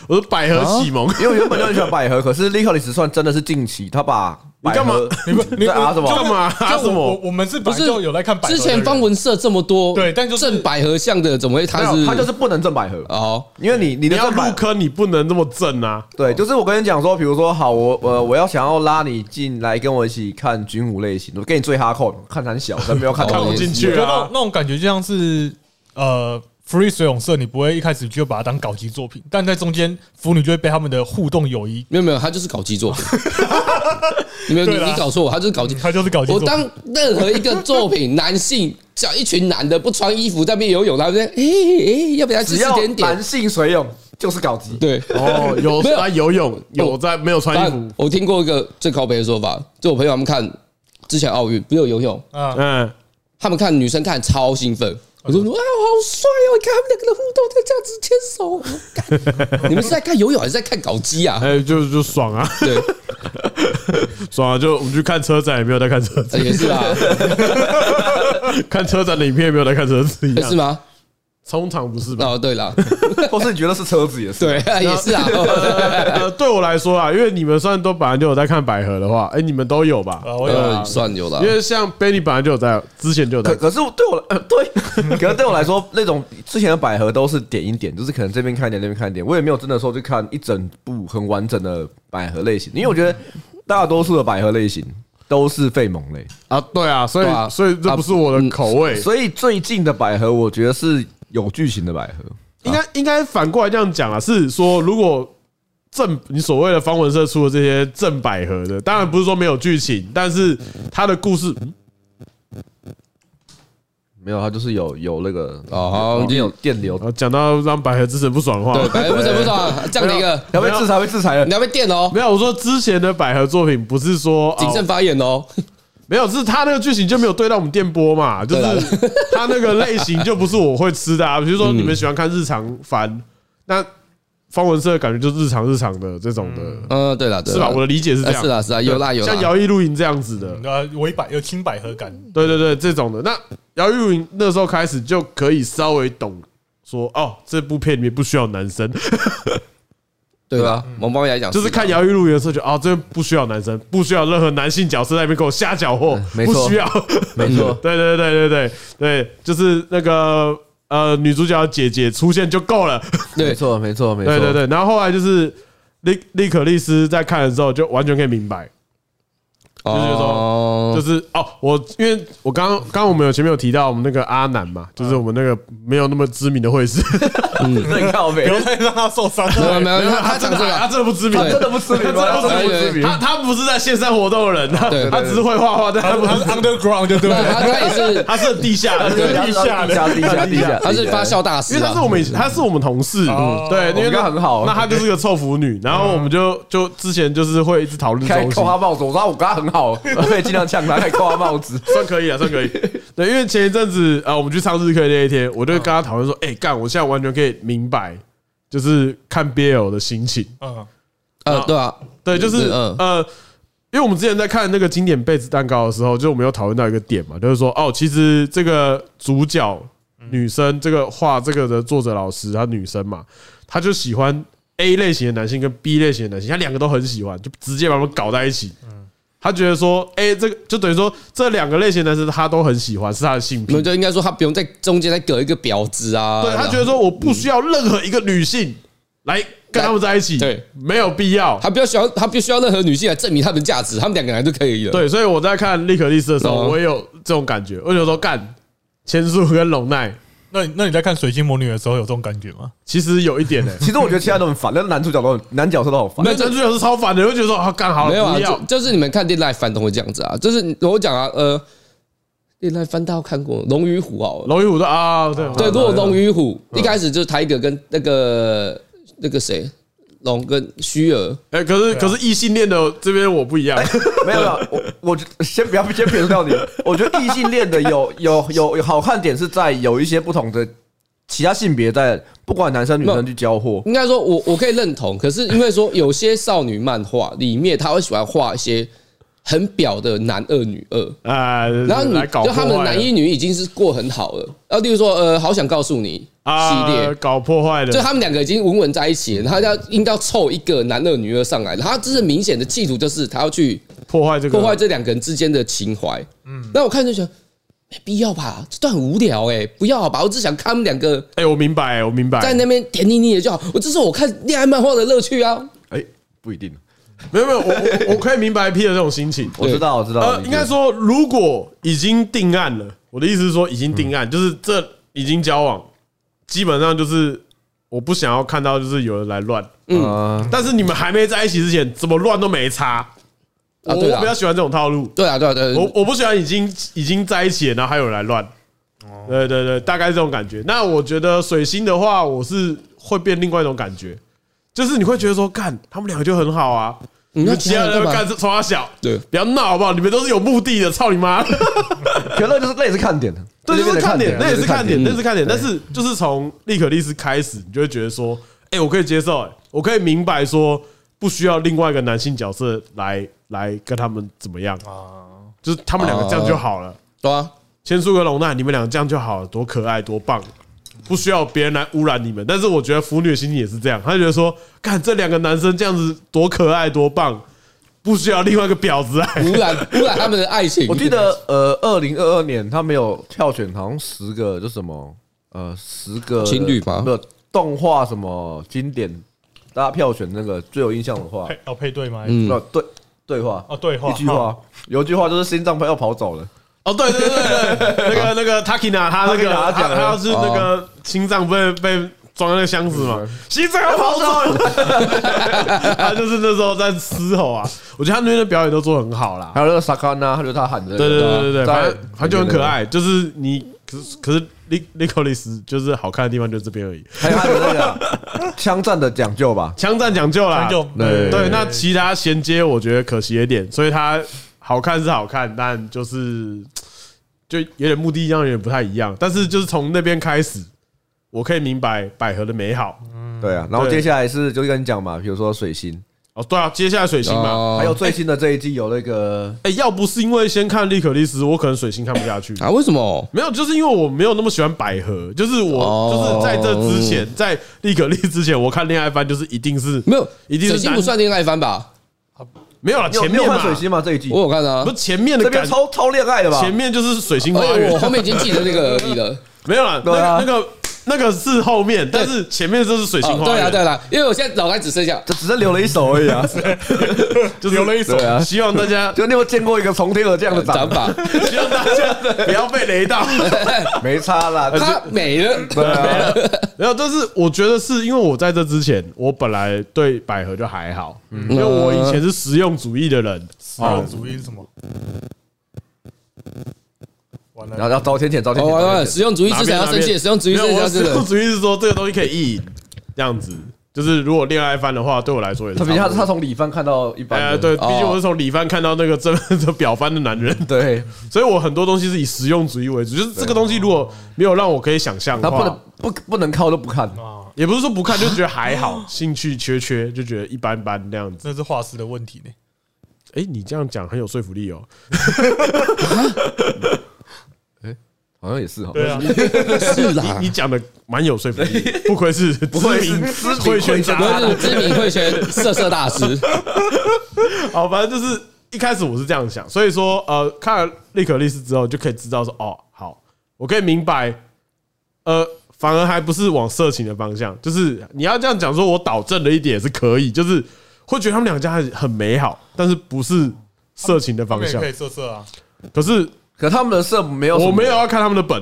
我是百合啟蒙、啊，因為我原本就很喜歡百合，可是尼克里 s 算真的是近期，他把。幹嘛？你你不，你不、啊、什麼？幹嘛拉、啊啊、什麼？我我們是不是有在看百合？之前方文社這麼多，對，但正百合像的，就是、怎麼會他是他就是不能正百合？哦，因為你你的要入坑，你不能這麼正啊。對，就是我跟你講說，比如說好，我我、呃、我要想要拉你進來跟我一起看軍武類型，我給你最哈扣，看膽小的沒有看、哦、看我進去啊，覺得那種感覺就像是呃。Free 水泳社，你不會一開始就把它當搞基作品，但在中間腐女就會被他們的互動友誼。沒有沒有，他就是搞基作品。 你沒有你搞錯，他就是搞基、嗯，他就是搞基。我當任何一個作品， 男性像一群男的不穿衣服在那邊游泳，他們說：“哎哎，要不要來一點點？”男性水泳就是搞基。對 哦，有在， 有在游泳，有在沒有穿衣服。我聽過一個最靠北的說法，就我朋友他們看之前奧運不有游泳，嗯嗯，他們看女生看超興奮。我說哇、哦，好帥哦！你看他們兩個的互動，在這樣子牽手，我幹！你們是在看游泳還是在看搞基啊？哎、欸，就就爽啊！對，爽啊！就我們去看車展、欸，車也沒有在看車展，也是啊。看車展的影片，沒有在看車子，也是嗎？通常不是吧？哦，對了， 或是你覺得是車子也是？對、啊，也是啊 呃、對我來說啊，因為你們算都本來就有在看百合的話，哎，你們都有吧？啊，我算有啦。因為像 Benny，本來就有在之前就有在。可，可是我對我對、嗯，可是對我來說，那種之前的百合都是點一點，就是可能這邊看一點，那邊看一點。我也沒有真的說去看一整部很完整的百合類型，因為我覺得大多數的百合類型都是廢萌類、嗯、啊。對啊，啊啊、所以所以這不是我的口味。所以最近的百合，我覺得是。有劇情的百合，啊、應該應該反過來這樣講啊，是說如果正你所謂的芳文社出的這些正百合的，當然不是說沒有劇情，但是他的故事、嗯、沒有，他就是有有那個啊，已、哦、經、嗯嗯、有電流，講到讓百合之神不爽的話，對百合不爽不爽，這樣的一個要被制，被制裁，被制裁了，你要被電哦。沒有，我說之前的百合作品不是說謹慎發言哦。哦沒有，是他那個劇情就沒有對到我們電波嘛，就是他那個類型就不是我會吃的啊。比如說你們喜歡看日常番，嗯、那芳文社的感覺就是日常日常的這種的，嗯，呃、對了，是吧？我的理解是這樣、呃，是啊，是啊，有辣有,有像搖曳露營這樣子的，呃，委百有青百合感，對對對，這種的。那搖曳露營那時候開始就可以稍微懂說哦，這部片裡面不需要男生。 對吧、嗯，萌寶來講，就是看《搖曳露營》的時候就啊，這不需要男生，不需要任何男性角色在那邊給我瞎攪和，不需要，沒錯， 對對對對對對，對，就是那個呃，女主角姐姐出現就夠了，沒錯沒錯沒錯對對對，然後後來就是莉莉可麗絲在看的時候就完全可以明白。就是說，就是哦、喔，我因為我剛剛剛我們有前面有提到我們那個阿南嘛，就是我們那個沒有那麼知名的繪師，不要讓他受傷、嗯，沒有沒有，他，他真的他真的不知名，真的不知名，真的不知名，他他，他，他，他他不是在線上活動的人，他對對對他只是會畫畫但他，不是他是 underground，不對，他也是他是地下， 地下，地下，地下，他是發酵大師、啊，因為他是我們以前對對對他是我們同事，對、嗯，因為他很好，那他就是個臭腐女、嗯，然後我們就就之前就是會一直討論，開始他我知道我跟他很。好，所以經常嗆他，還掛帽子算，算可以啊，算可以。對，因為前一陣子啊，我們去唱日課那一天，我就跟他討論說：“哎，幹，我現在完全可以明白，就是看 BL 的心情。”嗯，對啊，對，就是呃，因為我們之前在看那個經典被子蛋糕的時候，就我們有討論到一個點嘛，就是說，哦，其實這個主角女生，這個畫這個的作者老師，她女生嘛，她就喜歡 A 類型的男性跟 B 類型的男性，她兩個都很喜歡，就直接把他們搞在一起。他覺得說，哎，這個就等於說，這兩個類型男生他都很喜歡，是他的性癖，那就應該說他不用在中間再隔一個婊子啊。對他覺得說，我不需要任何一個女性來跟他們在一起，對，沒有必要。他不要需要，他不需要任何女性來證明他的價值，他們兩個人就可以了。對，所以我在看莉可麗絲的時候，我也有這種感覺，嗯。我有時候幹千束跟瀧奈，那你那你在看《水晶魔女》的時候有這種感覺嗎？其實有一點呢、欸。其實我覺得其他都很煩，那男主角都很男角色都，都好煩，那男主角是超煩的，就覺得說啊，幹好沒有啊就，就是你們看戀愛番都會這樣子啊，就是如果我講啊，呃，戀愛番大家看過《龍與虎》哦，《龍與虎》的啊，對對，啊對，對，如果魚《龍與虎》一開始就是 Taiga 跟那個那個誰。龍跟虛兒、欸，哎，可是、啊、可是異性戀的這邊我不一樣、欸，沒有了沒有， 我我先不要先撇掉你，我覺得異性戀的有有有有好看點是在有一些不同的其他性別在，不管男生女生去交貨，應該說我我可以認同， 可是因為說有些少女漫畫裡面，他會喜歡畫一些。很婊的男二女二啊，然後你搞就他們男一女一已經是過很好了。呃，例如說，呃，好想告訴你系列、啊、搞破壞的，就他們兩個已經穩穩在一起，然後要應該湊一個男二女二上來，他這是明顯的企圖，就是他要去破壞這個破壞這兩個人之間的情懷。嗯，那我看就覺得，沒必要吧，這段很無聊哎、欸，不要好吧，我只想看他們兩個。哎，我明白，我明白，在那邊甜膩膩的就好。我這是我看戀愛漫畫的樂趣啊。哎、欸，不一定。 沒有沒有，我我我可以明白 P 的這種心情，我知道我知道。呃，應該說，如果已經定案了，我的意思是說，已經定案，就是這已經交往，基本上就是我不想要看到就是有人來亂，嗯。但是你們還沒在一起之前，怎麼亂都沒差啊。我比較喜歡這種套路，對啊對啊對。我我不喜歡已經已經在一起然後還有人來亂。對對對，對，大概是這種感覺。那我覺得水星的話，我是會變另外一種感覺。就是你會覺得說，幹他們兩個就很好啊！你就接下來幹從小對，不要鬧好不好？你們都是有目的的，操你媽！可樂就是那也是看點的，對，是看點，那也是看點，那是看、看、看點。但是就是從莉可麗絲開始，你就會覺得說，哎，我可以接受，哎，我可以明白說，不需要另外一個男性角色來來跟他們怎麼樣啊？就是他們兩個這樣就好了，對啊，千束和瀧奈，你們兩個這樣就好了，多可愛，多棒！不需要別人來污染你們，但是我覺得腐女的心情也是這樣，她覺得說，看這兩個男生這樣子多可愛多棒，不需要另外一個婊子來污染污染他們的愛情。 我記得呃，二零二二年他們有票選，好像十個就什麼呃十個情侶吧，動畫什麼經典，大家票選那個最有印象的話，要配、哦、配對嗎？要、嗯嗯、對對話哦對話一句話，有一句話就是心臟快要跑走了。哦、oh，對對對對， 那個那個 Takina，他那個他講他，他要是那個心臟被 被裝在那個箱子嘛，心臟要跑掉， 他就是那時候在嘶吼啊。我覺得他那邊的表演都做得很好啦，還有個 Sakana，他就他那個 Sakana，還有他喊着，對對對對他，他就很可愛。對對對，就是你可可是 Lycoris 就是好看的地方就這邊而已，還 有那個槍戰的講究吧，槍戰講究啦對，對，對，對，對，對，對，對，對。那其他銜接我覺得可惜一點，所以他。好看是好看，但就是就有點目的一樣，有點不太一樣。但是就是從那邊開始，我可以明白百合的美好，嗯、對啊。然後接下來是，就跟你講嘛，比如說水星。哦，對啊，接下來水星嘛，哦、還有最新的這一季有那個，誒、欸、要不是因為先看莉可莉絲，我可能水星看不下去、欸、啊。為什麼？沒有，就是因為我沒有那麼喜歡百合，就是我、哦、就是在這之前，在莉可莉之前，我看戀愛番就是一定是沒有，一定是水星不算戀愛番吧。沒有啊，前面有有水星嗎？這一季我有看到。不是前面的，感覺這邊超超戀愛的吧？前面就是水星、呃，我我後面已經記得那個而已了 沒有啦，對啊那個。那個那個是後面，但是前面就是水星。花、哦。對啊對了、啊，因為我現在腦袋只剩下，就只是留了一手而已啊， 就留了一手啊。希望大家就你有，有見過一個從天而降的掌法，希望大家不要被雷到。 沒差啦，他沒了。對啊，然後就是我覺得是因為我在這之前，我本來對百合就還好，嗯、因為我以前是實用主義的人。嗯、實用主義是什麼？然後要遭天譴，遭天譴、oh, right, right,。我玩了實用主義是想要生氣實用主義是要生氣實用主義是說這個東西可以意淫，這樣子就是如果戀愛番的話，對我來說也是他他從裡番看到一般的，哎，對，畢、哦、竟我是從裡番看到那個真的表番的男人，對，所以我很多東西是以實用主義為主，就是這個東西如果沒有讓我可以想象、哦，他不能不不能看都不看、啊，也不是說不看，就覺得還好、啊，興趣缺缺，就覺得一般般這樣子。那是畫師的問題呢。哎，你這樣講很有說服力哦。好像也是哈，對啊、是啦，你講的蠻有說服力，不愧是知名繪圈，家，知名繪圈色色大師。好，反正就是一開始我是這樣想，所以說呃，看了莉可莉絲之後，就可以知道說哦，好，我可以明白，呃，反而還不是往色情的方向，就是你要這樣講，說我導正了一點也是可以，就是會覺得他們兩家很美好，但是不是色情的方向，可以色色啊，可是。可他們的色沒有，我沒有要看他們的本，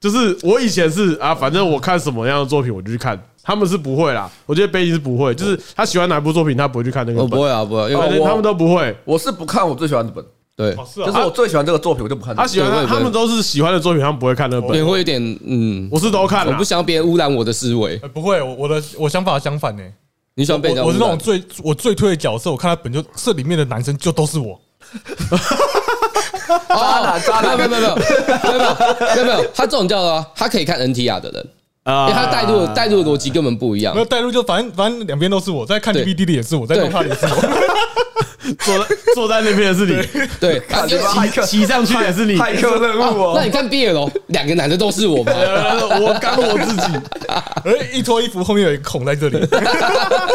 就是我以前是啊，反正我看什麼樣的作品我就去看，他們是不會啦。我覺得背景是不會，就是他喜歡哪一部作品，他不會去看那個本。不會啊，不會，因為他們都不會。我，我是不看我最喜歡的本，對，歡本對、哦，對、啊，就是我最喜歡這個作品，我就不看、啊。他、啊、喜歡他，他們都是喜歡的作品，他們不會看那本對。你會有點嗯，我是都看了，我不想別人污染我的思維、欸。不會，我的我想法相反呢、欸。你喜歡背景？我是那種最我最推的角色，我看他本就社裡面的男生就都是我。 哦，沒有沒有沒有沒有沒有沒有，他這種叫做他可以看 NTR 的人，因為他帶入帶入的邏輯根本不一樣，沒有帶入就反正反正兩邊都是我在看你 BD 的也是我在對，他也是我。坐坐在那邊的是你，對，騎騎上去也是你，啊、那你看 BL，兩個男的都是我嗎？我剛我自己，一脫衣服後面有一個孔在這裡，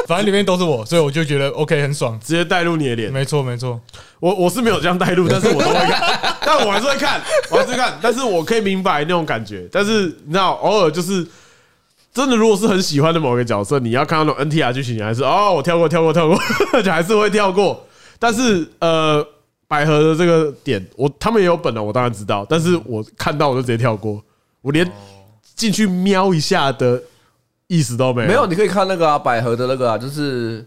反正裡面都是我，所以我就覺得 OK 很爽，直接帶入你的臉。沒錯沒錯，我我是沒有這樣帶入，但是我都會看，但我還是會看，還是會看，但是我可以明白那種感覺。但是你知道，偶爾就是真的，如果是很喜歡的某個角色，你要看到那種 NTR 劇情，你還是哦，我跳過跳過跳過，而且還是會跳過。但是呃，百合的這個點，我他們也有本的，我當然知道。但是我看到我就直接跳過，我連進去瞄一下的意思都沒有，哦。沒有，你可以看那個啊，百合的那個啊，就是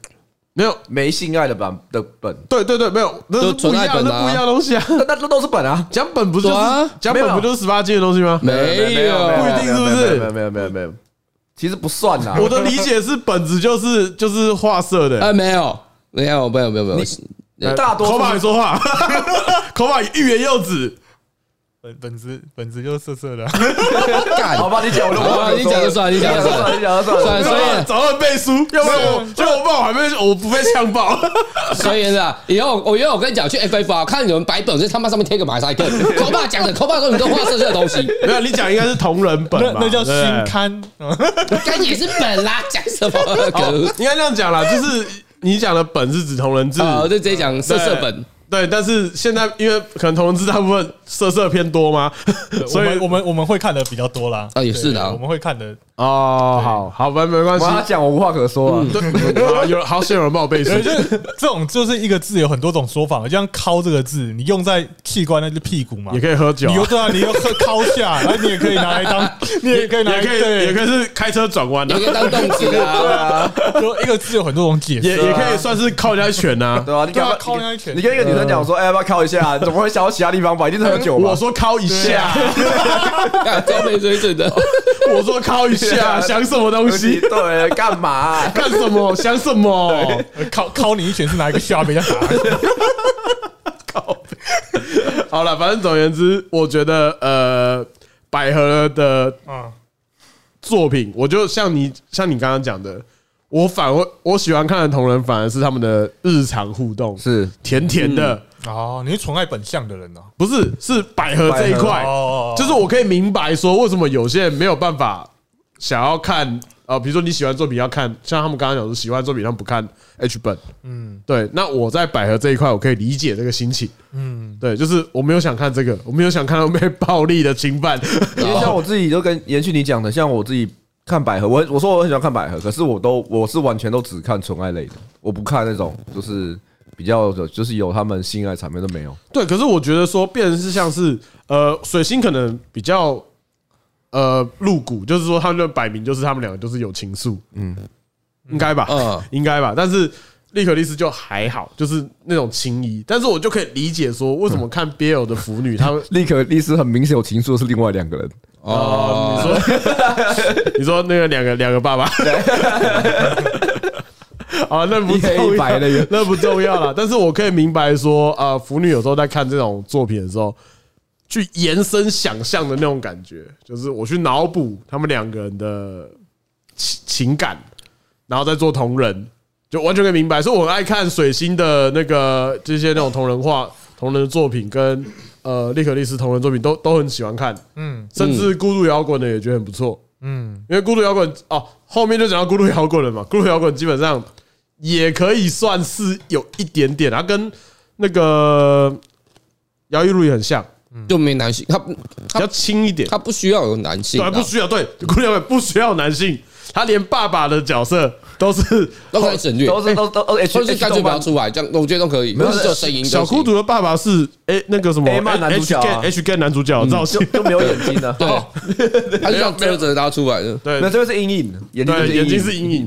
沒有沒性愛的版的本。對對對，沒有那是不一樣，那不一樣東西啊。啊、 那那都是本啊，講本，本不就是講本不就是十八禁的東西嗎？沒有，不一定是不是？沒有沒有沒有沒有，其實不算啦。我的理解是，本子就是就是畫色的。哎，沒有沒有沒有沒有沒有。你大多口巴沒說話，口巴欲言又止，本本子本子又色色的，啊。 好吧，你講，我都不你講就算，你講就算，你講就算。所以，早點背書，要不然我，要不然我還沒，我不會槍爆。所以啊，以後我因為我跟你講，去 FFR 看有人白本，子，他媽上面貼個馬賽克。口巴講的，口巴說你都畫色色的東西，沒有，你講應該是同人本那，那叫新刊。嗯、應該也是本啦，講什麼，啊？應該這樣講啦，就是。你講的本是指同人誌？哦，就直接講色色本對。對，但是現在因為可能同人誌大部分色色偏多嘛， 所以我們我們，我們會看的比較多啦。啊，也是的、哦，我們會看的。哦、oh,，好，好沒沒關係。我他講我無話可說啊，嗯、對有 好像有人幫我背書。就是、這種，就是一個字有很多種說法。就像“尻”這個字，你用在器官，那是屁股嘛。也可以喝酒、啊你啊，你又說你又喝“尻”下，然 後你也可以拿來當，你也可以拿來，也可以對，也可以是開車轉彎，的。可以當動詞啊,啊。對啊，一個字有很多種解釋、啊，也、啊、也可以算是“尻”人家一拳吶、啊啊，對吧、啊啊啊啊？你跟“尻”人家一拳？你跟一個女生講說：“哎、欸，要“要尻”一下、啊， 怎麼會想到其他地方吧？吧一定是喝酒嘛。”我說“尻”一下、啊對，對對對準的。我說“尻”一。下。Shop, 想什麼東西？對，幹嘛？幹什麼？ 想什麼？靠，你一拳是哪一個笑比較大 好。好了，反正總而言之，我覺得呃，百合的作品，我就像你像你剛剛講的，我反我我喜歡看的同人，反而是他們的日常互動，是甜甜的、嗯。哦，你是寵愛本相的人哦，不是，是百合這一塊，哦哦哦哦哦就是我可以明白說，為什麼有些人沒有辦法。想要看啊，呃，比如說你喜歡作品要看，像他們剛剛講說喜歡作品，他們不看 H 本，嗯，對。那我在百合這一塊，我可以理解這個心情，嗯，對，就是我沒有想看這個，我沒有想看到被暴力的侵犯。因為像我自己就跟延續你講的，像我自己看百合，我我說我很喜歡看百合，可是我都我是完全都只看純愛類的，我不看那種就是比較的就是有他們性愛的場面都沒有。對，可是我覺得說變成是像是呃水星可能比較。呃，露骨，就是說，他們就擺明就是他們兩個就是有情愫，嗯，應該吧，嗯，應該吧。但是莉可麗絲就還好，就是那種情誼。但是我就可以理解說，為什麼看 BL 的腐女，他們莉可麗絲很明顯有情愫的是另外兩個人，嗯哦、嗯，你說，你說那個兩個兩個爸爸、嗯，啊，那不湊白的，那不重要了。但是我可以明白說，啊，腐女有時候在看這種作品的時候。去延伸想象的那種感覺，就是我去腦補他們兩個人的情情感，然後再做同人，就完全可以明白。所以我愛看水星的那個這些那種同人畫、同人的作品，跟呃莉可莉絲同人作品都都很喜歡看。嗯，甚至孤獨搖滾的也覺得很不錯。嗯，因為孤獨搖滾哦，後面就講到孤獨搖滾了嘛。孤獨搖滾基本上也可以算是有一點點，它跟那個搖一露也很像。就沒男性，他，他比較輕一點，他不需要有男性，對，不需要，對，姑娘們不需要男性，他連爸爸的角色。都是都是整句，欸，都是都都都是乾脆不要出來，這樣我覺得都可以。沒有聲音。小孤獨的爸爸是哎，欸，那個什麼 H K 男主角，H K 男主角，然後就就沒有眼睛了對，對，喔，他就這樣遮着他出來的。對，那這個是陰影，眼睛眼睛，對，眼睛是陰影，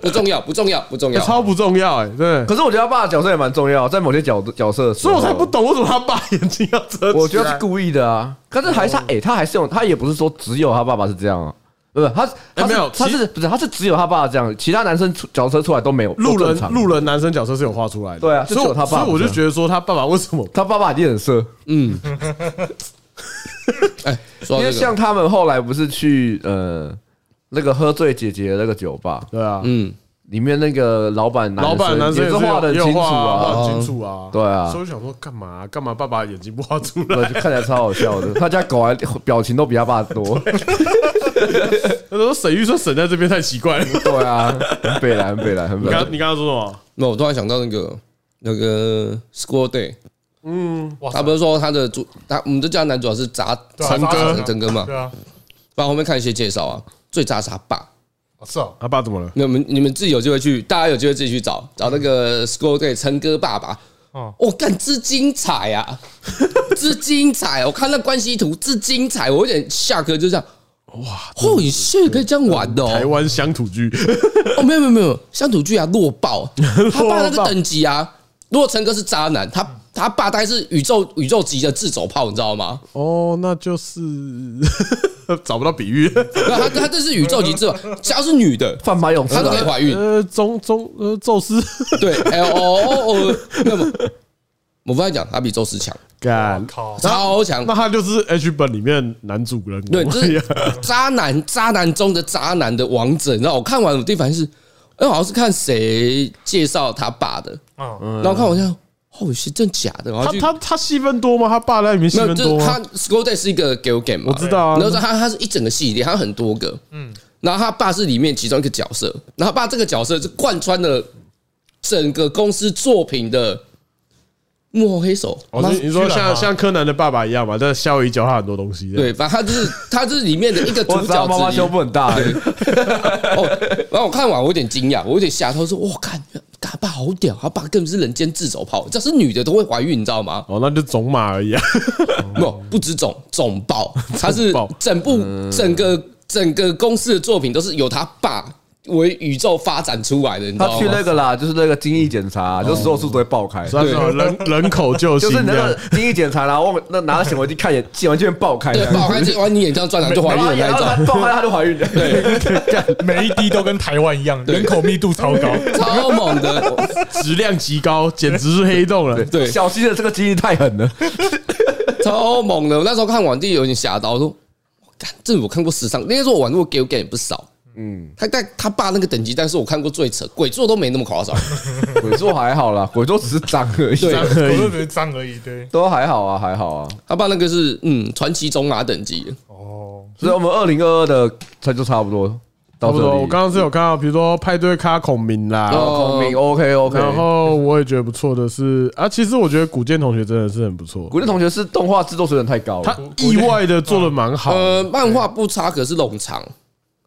不重要，不重要，不重要，欸，超不重要，哎，對。可是我覺得他爸的角色也蠻重要，在某些角角色，所以我才不懂為什麼他爸眼睛要遮起來。我覺得是故意的啊，啊，可是還是他哎，欸，他還是有，他也不是說只有他爸爸是這樣啊。不是他，他、欸、沒有，他是不是他是只有他爸這樣，其他男生角色出來都沒有路人，路人男生角色是有畫出來的，對啊，只有他爸所，所以我就覺得說他爸爸為什麼他爸爸一定很色嗯、。 欸，嗯，因為像他們後來不是去呃那個喝醉姐姐的那個酒吧，對啊，嗯，裡面那個老闆老闆男生也是畫的清楚啊，啊清楚啊，對啊，所以我想說幹嘛幹、啊、嘛爸爸眼睛不畫出來對，就看起來超好笑的，他家狗還表情都比他爸多。啊 他說：“沈玉說沈在這邊太奇怪了。”對啊，很北爛，很北爛。你剛剛說什麼？那我突然想到那個那個 School Days，嗯，他不是說他的主，他我們的家男主要是渣誠哥，誠哥嘛，對啊。不然後面看一些介紹啊，最渣是他爸。是啊，他爸怎麼了？那我們你們自己有機會去，大家有機會自己去找找那個 School Days 誠哥爸爸哦幹。哦，我幹，之精彩呀，之精彩！我看那關係圖，之精彩，我有點下課就這樣。哇！後影戲可以這樣玩的，台灣鄉土劇哦？沒有沒有沒有鄉土劇啊，弱爆他爸那個等級啊，落成哥是渣男，他他爸大概是宇宙宇宙級的自走炮，你知道嗎？哦，那就是找不到比喻，他他這是宇宙級自走，只要是女的，範馬勇他都可以懷孕。呃，宗宗呃，宙斯對，哎哦哦，麼我不太講，他比宙斯強。超強，oh,！那他就是 H 本裡面男主人。對，就是渣男， 渣男中的渣男的王者。你知道我看完我第一反應是。哎，好像是看誰介紹他爸的。嗯，然後看我這樣。哦、喔，是真假的然後。然後他他他戲份多嗎？他爸在裡面戲份多嗎？他 School Days 是一個 Game，gay 我知道。然後說他他 是一整個系列，他很多個，嗯，然後他爸是裡面其中一個角色，然後他爸這個角色是貫穿了整個公司作品的。幕後黑手，哦、你說像、啊、像柯南的爸爸一樣嘛？但夏威夷教他很多東西，對，反正他就是他就是裡面的一個主角。爸爸胸部很大、 哦。然後我看完我有點驚訝，我有點嚇。他說：“哇、哦，看嘎爸好屌，他爸更是人間自走炮，只要是女的都會懷孕，你知道嗎？”哦，那就種馬而已、啊。不、哦，不止種，種豹，他是整部、嗯、整個整個公司的作品都是由他爸。為宇宙發展出來的，你知道嗎？他去那個啦，就是那個精液檢查，就說、是、說都會爆開，算是，是人人口救星。就是你那個精液檢查啦，我那拿着顯微鏡看一眼，竟然爆開，對爆開就往你眼上轉，然後就懷孕。然後他爆開，他就懷孕了。了對，對，每一滴都跟台灣一樣，人口密度超高，超猛的質量極高，簡直是黑洞了。對，對小心的這個精液太狠了，超猛的。我那時候看網就有點嚇到，我說這是我看過史上那該說我玩過給我 g a 也不少。嗯，他但他爸那個等級，但是我看過最扯，鬼作都沒那麼誇張。 鬼作還好啦，鬼作只是髒而已。 對，鬼作只是髒而已，對，都還好啊，還好啊。他爸那個是嗯，傳奇種馬等級？哦，所以我們二零二二的他就差不多，差不多。我剛剛是有看到，比如說派對咖孔明啦，哦、孔明 OK OK。然後我也覺得不錯的是啊，其實我覺得古見同學真的是很不錯。古見同學是動畫制作水準太高了，他意外的做得的蠻好，哦。呃，漫畫不差場，可是冗長。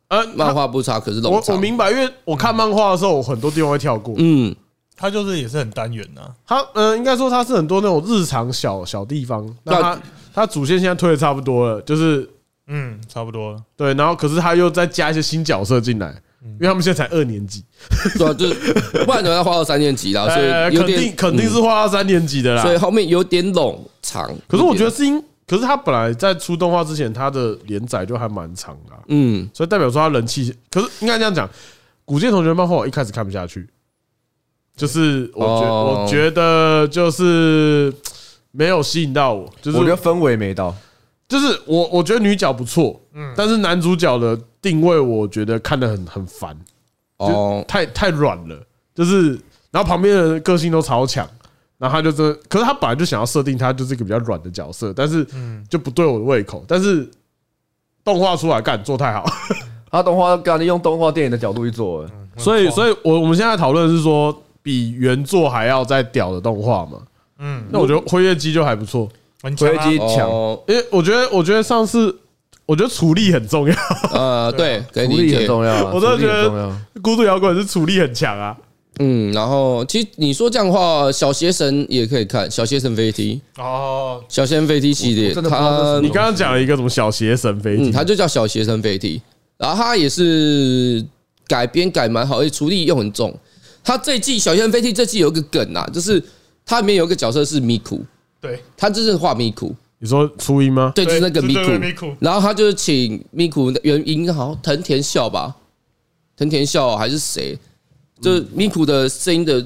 嗯，漫畫不差，可是我我明白，因為我看漫畫的時候，我很多地方會跳過。嗯，他就是也是很單元啊。他嗯，應該說他是很多那種日常小小地方。那他他主線現在推的差不多了，就是嗯，差不多了，對。然後，可是他又再加一些新角色進來，因為他們現在才二年級，對，就是，不然怎麼要畫到三年級啦？所以肯定肯定是畫到三年級的啦。所以後面有點冗長，可是我覺得是因。可是他本來在出動畫之前，他的連載就還蠻長的、啊，嗯，所以代表說他人氣。可是應該這樣講，《古劍同學漫畫》我一開始看不下去，就是我覺我覺得就是沒有吸引到我，就是我覺得氛圍沒到，就是我我覺得女角不錯，嗯，但是男主角的定位我覺得看得很很煩，哦，太太軟了，就是然後旁邊的人個性都超強，然後他就真的，可是他本來就想要設定他就是一個比較軟的角色，但是就不對我的胃口。但是動畫出來幹做太好、嗯， 他動畫剛才用動畫電影的角度去做了、嗯，所以所以，我我們現在討論是說，比原作還要再屌的動畫嘛嗯、啊嗯？嗯，那我覺得輝夜姬就還不錯，輝夜姬強，因為我覺得我覺得上次我覺得廚力很重要、嗯，呃，對，廚力 很重要、啊，我真的覺得孤獨搖滾是廚力很強啊。嗯，然後其實你說這樣的話，《小邪神》也可以看，《小邪神飛踢》哦，《小邪神飛踢》系列，他你剛剛講了一個什麼《小邪神飛踢、嗯》，他就叫《小邪神飛踢》，然後他也是改編改蠻好，而且廚力又很重。他這季《小邪神飛踢》這季有一個梗呐、啊，就是他裡面有一個角色是米庫，對，他就是畫米庫，你說初音嗎？對，就是那個米庫。然後他就是請米庫的原音。好像藤田孝吧，藤田孝還是誰？就是 Miku 的聲音的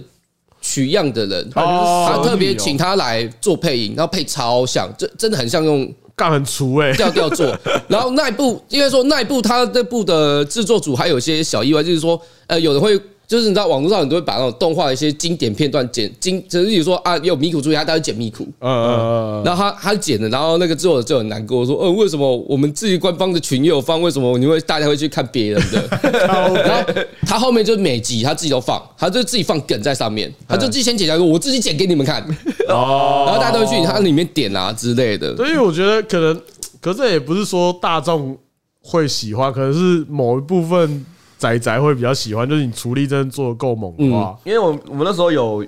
取樣的人，他特別請他來做配音，然後配超像，這真的很像用干很粗誒，調調做。然後那一部應該說那一部他那部的制作組還有些小意外，就是說呃有的會。就是你知道，網絡上很多會把那種動畫的一些經典片段剪精，就是比如說啊，有米庫注意，他會剪米庫，嗯嗯嗯，嗯，嗯，然後他他剪了，然後那個之後就很難過，說，嗯、呃、為什麼我們自己官方的群也有放？為什麼你會大家會去看別人的？ 然後他後面就是每集他自己都放，他就自己放梗在上面，嗯、他就自己先剪掉一個，說，我自己剪給你們看，哦、然後大家都會去他裡面點啊之類的。所以我覺得可能，可是也不是說大眾會喜歡，可能是某一部分。仔仔會比較喜歡，就是你廚力真的做得夠的夠猛，嗯嗯，對，因為我們，我們那時候有，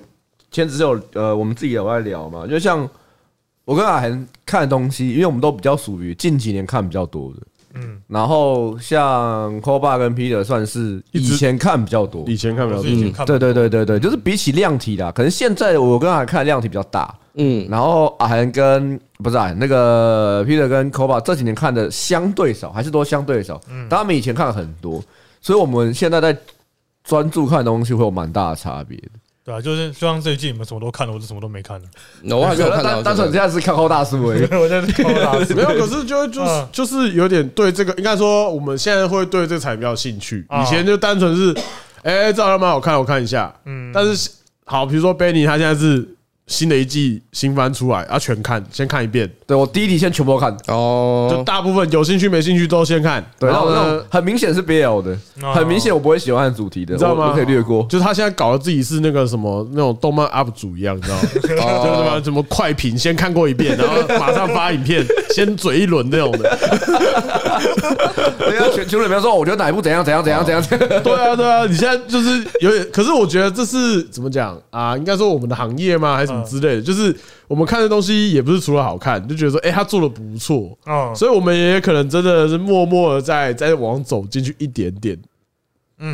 簽只是有呃，我們自己也有在聊嘛。就像我跟阿韓看的東西，因為我們都比較屬於近幾年看比較多的，嗯。然後像 CloBA 跟 Peter 算是以前，一直以前看比較多，以前看比較多，嗯，對對對對對，就是比起量體啦。可能現在我跟阿韓看的量體比較大，嗯。然後阿韓跟不是阿韓那個 Peter 跟 CloBA 這幾年看的相對少，還是多相對少，嗯。但他們以前看很多。所以，我們現在在專注看的東西，會有蠻大的差別。對啊，就是就像最近你們什麼都看了，我就什麼都沒看了、no,。那我還沒有看到現在 單純這樣是看後大師 我現在是看後大師。 沒有，可是就就是嗯、就是有點對這個，應該說我們現在會對這個才比較有興趣。以前就單純是、欸，哎，這好像蠻好看，我看一下。嗯。但是好，比如說 Benny，他現在是。新的一季新番出來啊，全看先看一遍。對，我第一題先全部都看哦、oh，就大部分有興趣沒興趣都先看。對，然後呢，很明顯是 BL 的、oh，很明顯我不會喜歡的主題的、oh，知道嗎？可以略過、oh。就是他現在搞得自己是那個什麼那種動漫 UP 主一樣，你知道、oh、對對對嗎？就是什麼什麼快評，先看過一遍，然後馬上發影片，先嘴一輪那種的。對啊，全群裡邊說，我覺得哪一部怎樣怎樣怎樣怎樣。對啊，對啊，啊、你現在就是有點，可是我覺得這是怎麼講啊？應該說我們的行業嗎？還是、oh、什麼？之類的，就是我們看的東西也不是除了好看，就覺得說，哎，他做的不錯，所以我們也可能真的是默默的在在往走進去一點點，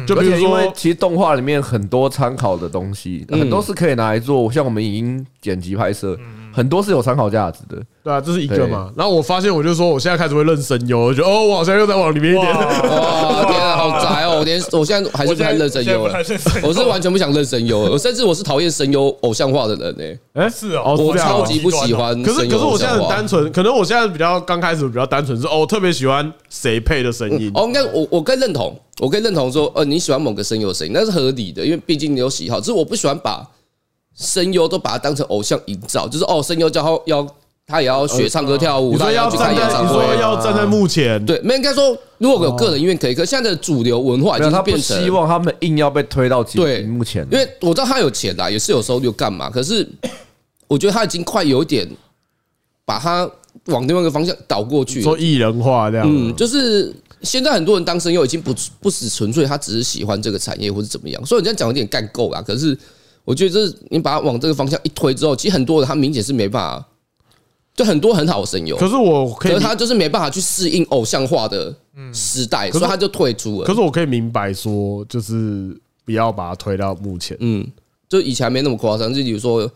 就比如說、嗯，嗯、其實動畫裡面很多參考的東西，很多是可以拿來做，像我們已經剪輯拍攝。很多是有參考價值的，對啊，這是一個嘛。然後我發現，我就說，我現在開始會認聲優，我就覺得哦、喔，我好像又在往裡面一點。哇，哇，天啊，好宅哦！我連，我現在還是不太認聲優，我是完全不想認聲優，甚至我是討厭聲優偶像化的人呢。哎，是哦，我超級不喜歡。可是可是，我現在很單純，可能我現在比較剛開始比較單純，是哦、喔，我特別喜歡誰配的聲音。哦，應該我我更認同，我更認同說，呃，你喜歡某個聲優的聲音，那是合理的，因為畢竟你有喜好。只是我不喜歡把。聲優都把他當成偶像，營造就是哦，聲優叫他要他也要學唱歌跳舞，oh。他也要站在，你說要站在幕前，啊，對，沒人應該說。如果有個人意願可以，可是現在的主流文化已經變成希望他們硬要被推到幕前。因為我知道他有錢啦，也是有時候就幹嘛。可是我覺得他已經快有一點把他往另外一個方向倒過去，說藝人化這樣。嗯，就是現在很多人當聲優已經不不只純粹他只是喜歡這個產業或者怎麼樣，所以人家講有點幹夠了。可是。我覺得這是你把它往這個方向一推之後，其實很多人他明顯是沒辦法，就很多很好的聲優，可是我可以，他就是沒辦法去適應偶像化的時代，嗯，所以他就退出了可。可是我可以明白說，就是不要把它推到目前。嗯，就以前還沒那麼誇張，就比如說，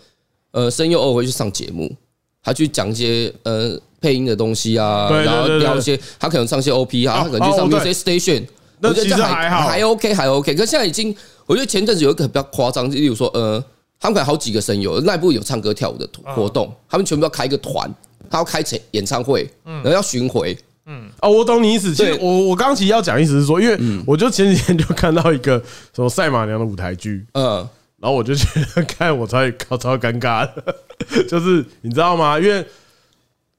呃，聲優偶爾會去上節目，他去講一些呃配音的東西啊，對對對對對，然後聊一些，他可能上些 OP 啊，啊，他可能去上 music station，啊哦，我覺得這那其實還好，還 OK，還 OK。可是現在已經。我覺得前陣子有一個比較誇張，例如說，呃，他們可能好幾個聲優，那一部有唱歌跳舞的活動，嗯，他們全部要開一個團，他要開演唱會，然後要巡迴。嗯，嗯，哦，我懂你意思。其實我我剛剛其實要講意思是說，因為我就前幾天就看到一個什麼賽馬娘的舞台劇，嗯，然後我就覺得看我超超尷尬，就是你知道嗎？因為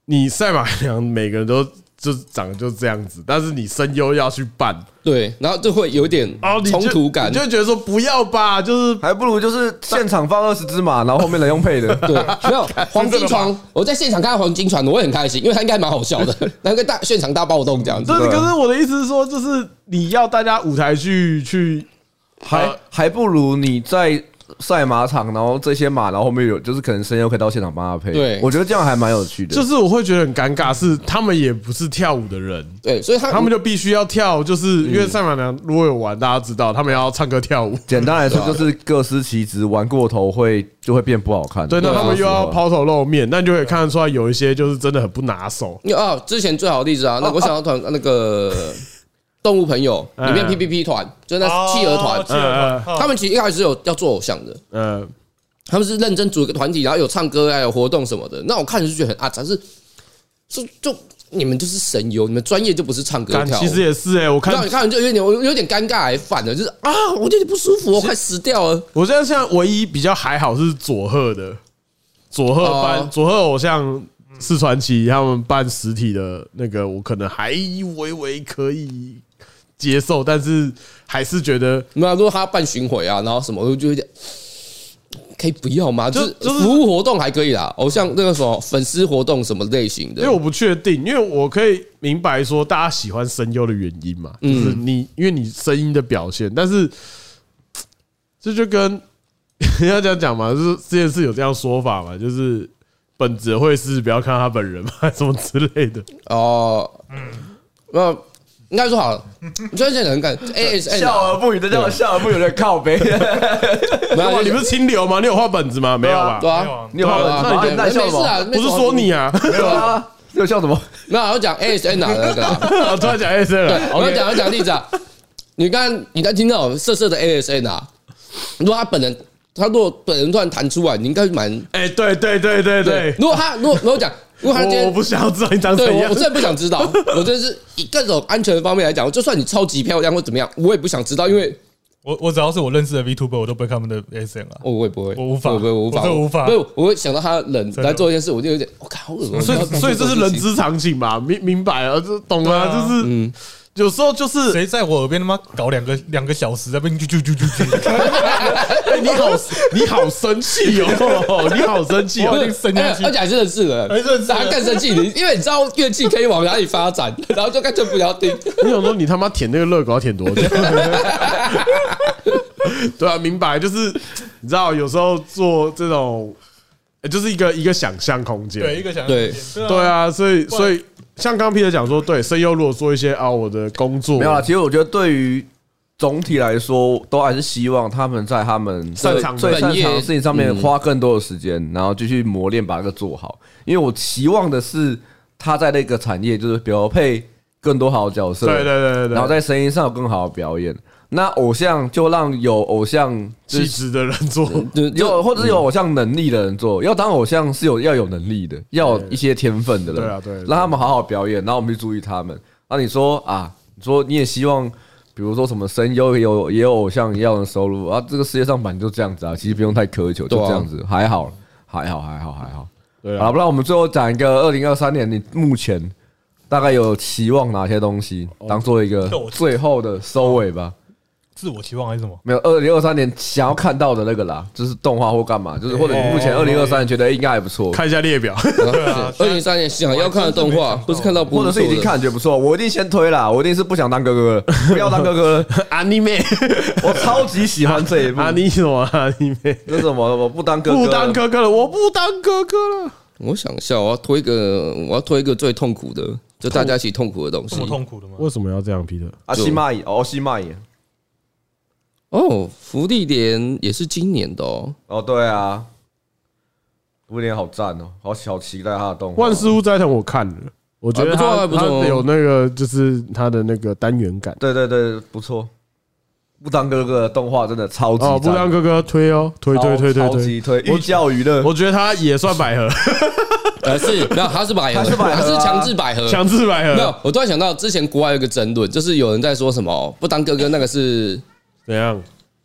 你賽馬娘每個人都就長得就是這樣子，但是你聲優要去扮。對，然後就會有點衝突感，啊，就，就覺得說不要吧，就是還不如就是現場放二十隻嘛，然後後面來用配的。 對，沒有，黃金船。我在現場看到黃金船，我也很開心，因為他應該還蠻好笑的，那個大現場大暴動這樣子。對，可是我的意思是說，就是你要大家舞台劇去，去，還、呃、還不如你在。賽馬場，然後這些馬，然後後面有，就是可能聲優可以到現場幫他配。對，我覺得這樣還蠻有趣的。就是我會覺得很尷尬，是他們也不是跳舞的人，對，所以他們就必須要跳，就是因為賽馬娘如果有玩，大家知道他們要唱歌跳舞、嗯。簡單來說，就是各司其職，玩過頭會就會變不好看。對，對，那他們又要拋頭露面，那你就可以看得出來有一些就是真的很不拿手。啊，之前最好的例子啊、哦，哦、那我想要團那個。動物朋友裡面 P P P 團，就那企鵝團、哦，企鵝團、嗯嗯嗯，他們其實一開始有要做偶像的，嗯，他們是認真組一個團體，然後有唱歌，還有活動什麼的。那我看着就覺得很啊，咱是就就你們就是神遊，你們專業就不是唱歌跳舞其實也是、欸、我看你看就有點我有點尷尬，還反了，就是啊，我有點不舒服，我快死掉了。我現在現在唯一比較還好是佐賀的佐賀班，佐、啊、賀偶像是傳奇，他們辦實體的那個，我可能還微微可以。接受，但是還是覺得那如果他辦巡迴啊，然後什麼，我就覺得可以不要嗎？就、就是服務活動還可以啦，偶、哦、像那個什麼粉絲活動什麼類型的？因為我不確定，因為我可以明白說大家喜歡聲優的原因嘛，就是你、嗯、因為你聲音的表現，但是這就跟人家這樣講嘛，就是這件事有這樣說法嘛，就是本質會是不要看他本人嘛，什麼之類的哦、呃，那。應該說好了，你說這個人敢 ASN，啊，笑而不語，這叫笑而不語的靠杯。哈 哈，啊，你不是清流嗎？你有畫本子嗎，啊？沒有吧？對啊，你有畫本啊。那你現在在笑什麼，啊，不說你啊？不是說你啊，沒有啊，你在笑什麼有、啊？那， 啊，我要講 ASN 哪，啊、了？ 我突然講 ASN 了。我跟你講，我講例子啊。你剛你剛聽到瑟瑟的 ASN 啊？你說他本人？他如果本人突然彈出來，你應該蠻哎，對對對對對。如果他如果如果講，如果他今天我，我不想要知道你長什麼樣，我真的不想知道。 我真的是以各種安全方面來講，就算你超級漂亮或怎麼樣，我也不想知道，因為，我我只要是我認識的 VTuber，我都不會看他們的 SM 啊。我會不會？我無法我不會，我無法我無法。我會想到他冷來做一件事，我就有點就、喔、靠我靠，好惡心。所以所以這是人之常情嘛，明明白啊，這懂啊，啊，就是嗯，有時候就是誰在我耳邊他媽搞兩個兩個小時在邊啾啾啾啾啾。你好，你好生氣哦、喔！你好生氣哦、喔！你生氣、欸，而且真的是的，真的是，還更生氣。你因為你知道樂器可以往哪裡發展，然後就乾脆不要聽。你想說你他媽舔那個樂高要舔多久？ 對啊，明白，就是你知道有時候做這種，就是一個一個想象空間，對一個想象空間，對，對啊。所以所以像剛 Peter 講說，對聲優如果做一些啊我的工作沒有啊其實我覺得對於。總體來說，都還是希望他們在他們擅長、最擅長的事情上面花更多的時間，然後繼續磨練，把這個做好。因為我希望的是他在那個產業，就是比如配更多好的角色，對對對對。然後在聲音上有更好，好的表演。那偶像就讓有偶像氣質的人做，有或者有偶像能力的人做。要當偶像，是有要有能力的，要有一些天分的人。對對，讓他們好好表演，然後我們去注意他們。那你說啊，你說你也希望。比如說什麼聲優也有也有偶像一樣的收入啊，這個世界上本來就這樣子啊，其實不用太苛求，就這樣子，還好，還好，還好，還好。啊、好，不然我們最後講一個二零二三年，你目前大概有期望哪些東西，當做一個最後的收尾吧。啊嗯自我期望還是什麼？沒有，二零二三年想要看到的那個啦，就是動畫或幹嘛，就是或者你目前二零二三年覺得應該還不錯，欸哦，看一下列表。對啊，二零二三年想要看的動畫，或是，是看到，或者是已經看覺得不錯，我一定先推啦，我一定是不想當哥哥了，不， 不，哥哥了，不要當哥哥了。Anime，我超級喜歡這一部。Anime 什麼那什麼？我不當哥哥，不當哥哥了，我不當哥哥了。我想笑，我要推一個，我要推一個最痛苦的，就大家一起痛苦的東西。我痛苦的嗎？為什麼要這樣批的？阿西瑪伊，哦，西瑪伊。哦、oh,，福地點也是今年的哦。哦、oh,，對啊，福地點好讚哦，好期待他的動畫。萬事屋齋藤我看了，我覺得他、啊、不錯，不錯，有那個就是他的那個單元感。對對對，不錯。不當哥哥的動畫真的超級的、oh, 不當哥哥推哦，推推推推推，推，超超推我、，寓教於樂，我覺得他也算百合， 呃，是，沒有，他是百合，他是強、啊、制百合，強制百合。沒有，no, 我突然想到之前國外有個爭論，就是有人在說什麼不當哥哥那個是。 怎樣？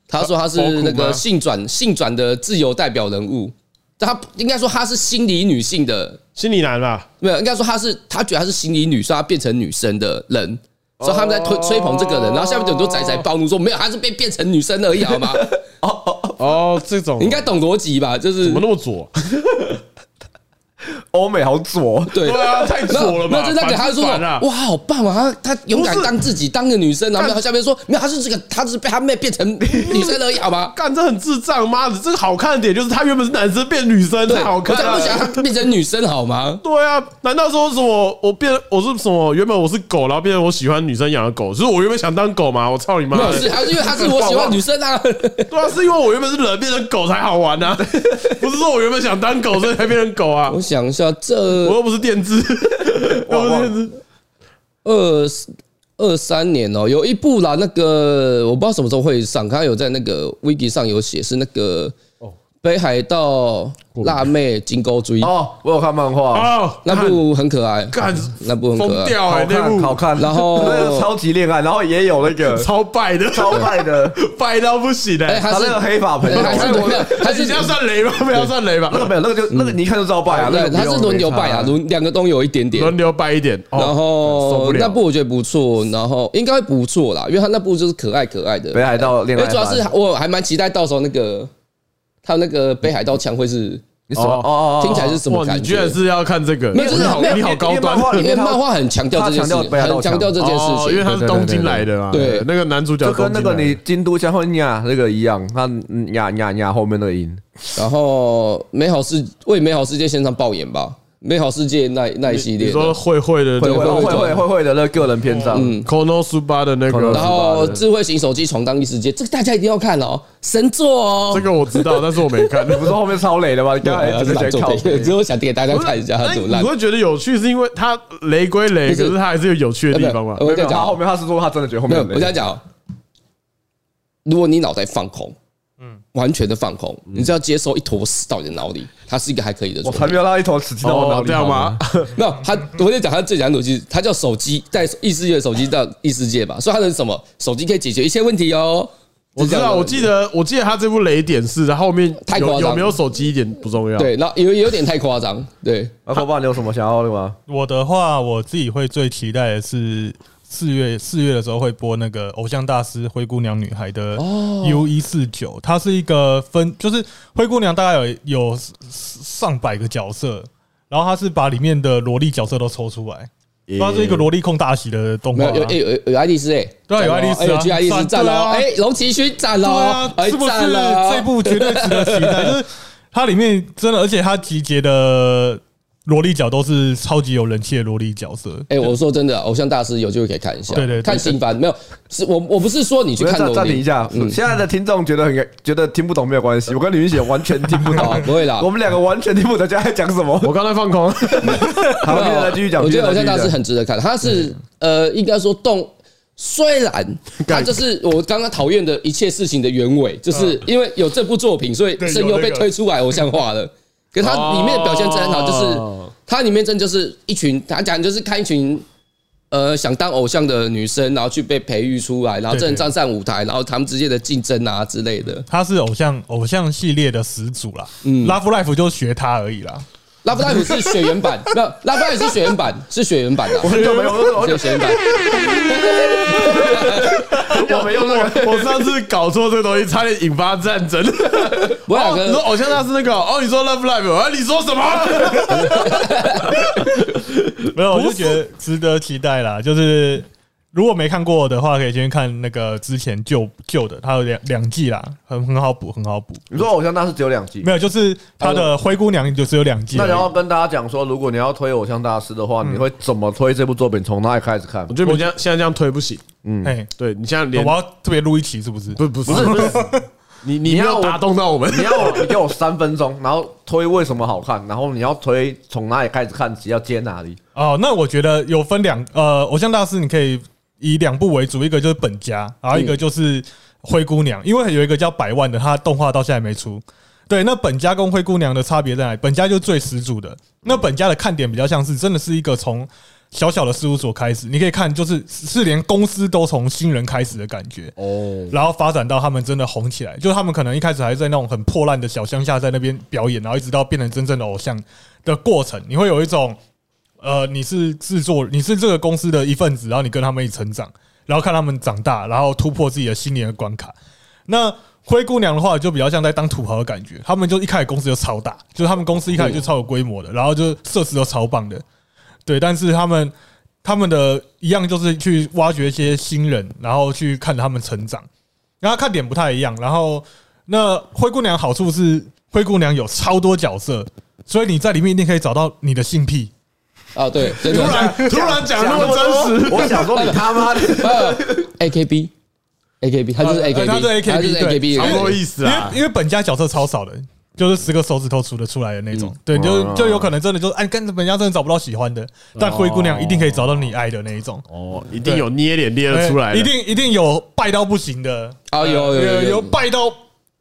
他說他是那個性轉性轉的自由代表人物，但他應該說他是心理女性的心理男吧？沒有，應該說他是他覺得他是心理女，所以他變成女生的人，哦、所以他們在推吹捧這個人，然後下面很多仔仔暴怒說沒有，他是被變成女生而已好嗎？哦哦，哦，這種你應該懂邏輯吧？就是怎麼那麼左？ 歐美好左。對，對啊，太左了吧？反正在給他說，說凡凡、啊：“哇，好棒啊！他他勇敢當自己，當個女生。”然後下面說：“沒有，他是這個，他是被他妹變成女生而已，好嗎？”幹，這很智障媽的，這個好看的點就是他原本是男生變女生，才好看，啊、不想他變成女生好嗎？ 對啊，難道說什麼我，我變我是什麼？原本我是狗，然後變成我喜歡女生養的狗，就是我原本想當狗嗎？我操你媽！不是，還是因為他是我喜歡女生啊？對啊，是因為我原本是人變成狗才好玩啊。 不是說我原本想當狗，所以才變成狗啊？我想。講一下這，我又不是電子，我又不是電子，二二三年哦、喔，有一部啦，那個我不知道什麼時候會上，他有在那個 Wiki 上有寫，是那個。北海道辣妹金鈎水。哦，我有看漫畫哦，那部很可愛，幹那部很可愛，那部好看，看。然後看超級戀愛，然後也有那個超拜的，超拜的，拜到不行嘞，欸欸。他那個黑髮朋友還是我，還是要算雷吧。不要算雷吧？那個沒有，那個就那個你一看就知道拜啊。那個他是輪流拜啊，輪兩，啊，個都有一點點輪流拜一點。然後那部我覺得不錯，然後應該不錯啦，因為他那部就是可愛可愛的北海道戀愛。因主要是我還蠻期待到時候那個。他那個北海道腔會是你什麼？哦哦，聽起來是什麼感覺？你居然是要看這個？沒真的好，你好高端。裡面漫畫很強調這件事，情，很強調這件事情，因為他是東京來的啊，對，那個男主角就跟那個你京都腔會壓那個一樣，他壓壓壓後面那個音，然後美好世為美好世界獻上爆焰吧。美好世界那那一系列，你說會會的，會會會會的那個，個人篇章，嗯，Kono Suba 的那個，然後智慧型手機闖蕩異世界，這個大家一定要看哦，神作哦。 這個我知道，但是我沒看，你不是後面超雷的嗎？欸欸的？對，欸，幹嘛只是我想給大家看一下，那，欸，你會覺得有趣，是因為它雷歸雷，可是它還是有有趣的地方嘛，欸。我跟你講，後面他是說他真的覺得後面有雷，我再講，如果你腦袋放空。完全的放空、嗯，你只要接受一坨屎到你的腦裡，他是一個還可以的。我還沒有拉一坨屎到我腦裡嗎、oh,？ 沒有，他，我在講他最簡單的就是他叫手機帶異世界的手機到異世界吧，所以他能什麼手機可以解決一切問題哦？我知道，就是、我記得，我記得他這部雷點是在後面，太誇張，有沒有手機一點不重要對 對，對，那有有點太誇張，對。那 CloBA，你有什麼想要的嗎？我的話，我自己會最期待的是。四月四月的時候會播那個《偶像大師灰姑娘女孩》的 U 一四九，它是一個分，就是灰姑娘大概有有上百個角色，然後它是把裡面的蘿莉角色都抽出來，yeah. 它是一個蘿莉控大喜的動畫、啊。有有有有，有愛麗絲哎，對，有愛麗絲啊，有愛麗絲讚囉哎，龍崎勳讚囉，是不是這部絕對值得期待， 就是它裡面真的，而且它集結的。蘿莉角都是超級有人氣的蘿莉角色。哎，欸、我說真的，偶像大師有機會可以看一下。對對，對，看新番沒有？是我我不是說你去看的，暫停一下、嗯。現在的聽眾覺得很覺得聽不懂沒有關係，嗯，我跟李云雪完全聽不懂。不會啦，我們兩個完全聽不懂現在講什麼。我剛才放空，好，我們、啊啊、再繼續講。我覺得偶像大師很值得看，他是、嗯、呃，應該說動。雖然但就是我剛剛討厭的一切事情的原委，就是因為有這部作品，所以聲優被推出來偶像化了。可是他裡面的表現真好，就是他裡面真的就是一群，他講就是看一群，呃，想當偶像的女生，然後去被培育出來，然後才能站上舞台，然後他們之間的競爭啊之類的、嗯。他是偶像偶像系列的始祖啦，嗯，《Love Life》就學他而已啦。Love Live 是血緣版，那 Love Live 是血緣版，是血緣版的、啊。我沒有，我沒有血緣版。我沒有那個，我上次搞錯這個東西，差點引發戰爭。我兩個，哦、你說偶像大師那個？哦,哦，你說 Love Live？哎，你說什麼？沒有，我就覺得值得期待啦，就是。如果沒看過的話，可以先看那個之前舊舊的、的，它有兩兩季啦，很很好補，很好補。好，嗯、你說《偶像大師》只有兩季？沒有，就是他的《灰姑娘》就只有兩季。那然後跟大家講說，如果你要推《偶像大師》的話，嗯、你會怎麼推這部作品？從哪裡開始看？我覺得我現在這樣推不行。嗯、嗯，對，你現在連我要特別錄一期，是不是？不是，不是、不是、不是 你，你你要打動到我們。你要你給我三分鐘，然後推為什麼好看，然後你要推從哪裡開始看，只要接哪裡？嗯、哦，那我覺得有分兩呃，《偶像大師》你可以。以兩部為主，一個就是《本家》，然後一個就是《灰姑娘》。因為有一個叫《百萬》的，他動畫到現在沒出。對，那《本家》跟《灰姑娘》的差別在哪？《本家》就最始祖的。那《本家》的看點比較像是，真的是一個從小小的事務所開始，你可以看，就是是連公司都從新人開始的感覺。哦。然後發展到他們真的紅起來，就是他們可能一開始還在那種很破爛的小鄉下，在那邊表演，然後一直到變成真正的偶像的過程，你會有一種。呃，你是製作，你是這個公司的一份子，然後你跟他們一起成長，然後看他們長大，然後突破自己的心理的關卡。那灰姑娘的話就比較像在當土豪的感覺，他們就一開始公司就超大，就是他們公司一開始就超有規模的，然後就設施都超棒的，對。但是他們他們的一樣就是去挖掘一些新人，然後去看他們成長，然後看點不太一樣。然後那灰姑娘好處是灰姑娘有超多角色，所以你在裡面一定可以找到你的性癖。啊、哦，對，突然突然講那麼真實，我想說你他媽的，AKB，AKB，他就是 AKB，他就是 AKB，超有意思，因為因為本家角色超少的，就是十個手指頭數得出來的那種，嗯、對，就、嗯啊、就有可能真的就哎、是啊，跟本家真的找不到喜歡的，但灰姑娘一定可以找到你愛的那一種，哦，哦一定有捏臉捏得出來的一，一定一定有敗到不行的，啊、哦，有有有,有,有,有,有,有敗敗到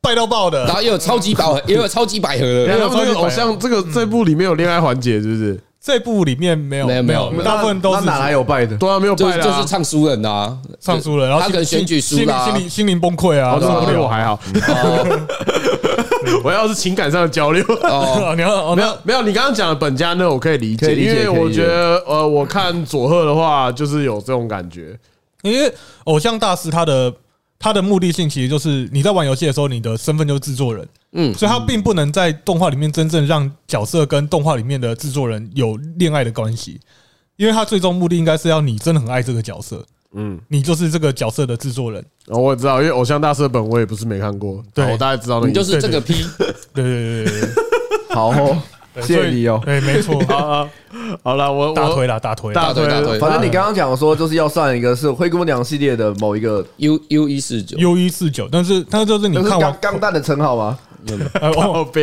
敗到爆的、嗯，然後又有超級百，又有超級百合，然後那個好像這個這部裡面有戀愛環節是不是？這部裡面沒有沒有沒有，大部分都是他哪來有拜的？對啊，沒有拜。的、啊，就，就是唱書人的、啊，唱書人。然後他可能選舉輸啦，心靈心靈崩潰啊！我比我還好、嗯，哦、 我要是情感上的交流啊、 哦，哦、沒有沒有，你剛剛講的本家呢，我可以理解，因為我覺得呃，我看佐賀的話就是有這種感覺，因為偶像大師他的。他的目的性其實就是你在玩遊戲的時候，你的身份就是制作人，嗯，所以他並不能在動畫裡面真正讓角色跟動畫裡面的制作人有戀愛的關係，因為他最終目的應該是要你真的很愛這個角色，嗯，你就是這個角色的制作人、嗯。哦，我也知道，因為《偶像大師》本我也不是沒看過，對我大概知道你就是這個 P，對對對對 對，對，好、哦，謝謝你哦對，對，沒錯啊。好好好啦，我打推了，打推啦，打推，打推。反正你剛剛講說，就是要算一個是《灰姑娘》系列的某一個 U U 一四九 U 一四九，但是他就是你看完《鋼、就、彈、是》的稱號嗎、嗯、的嗎？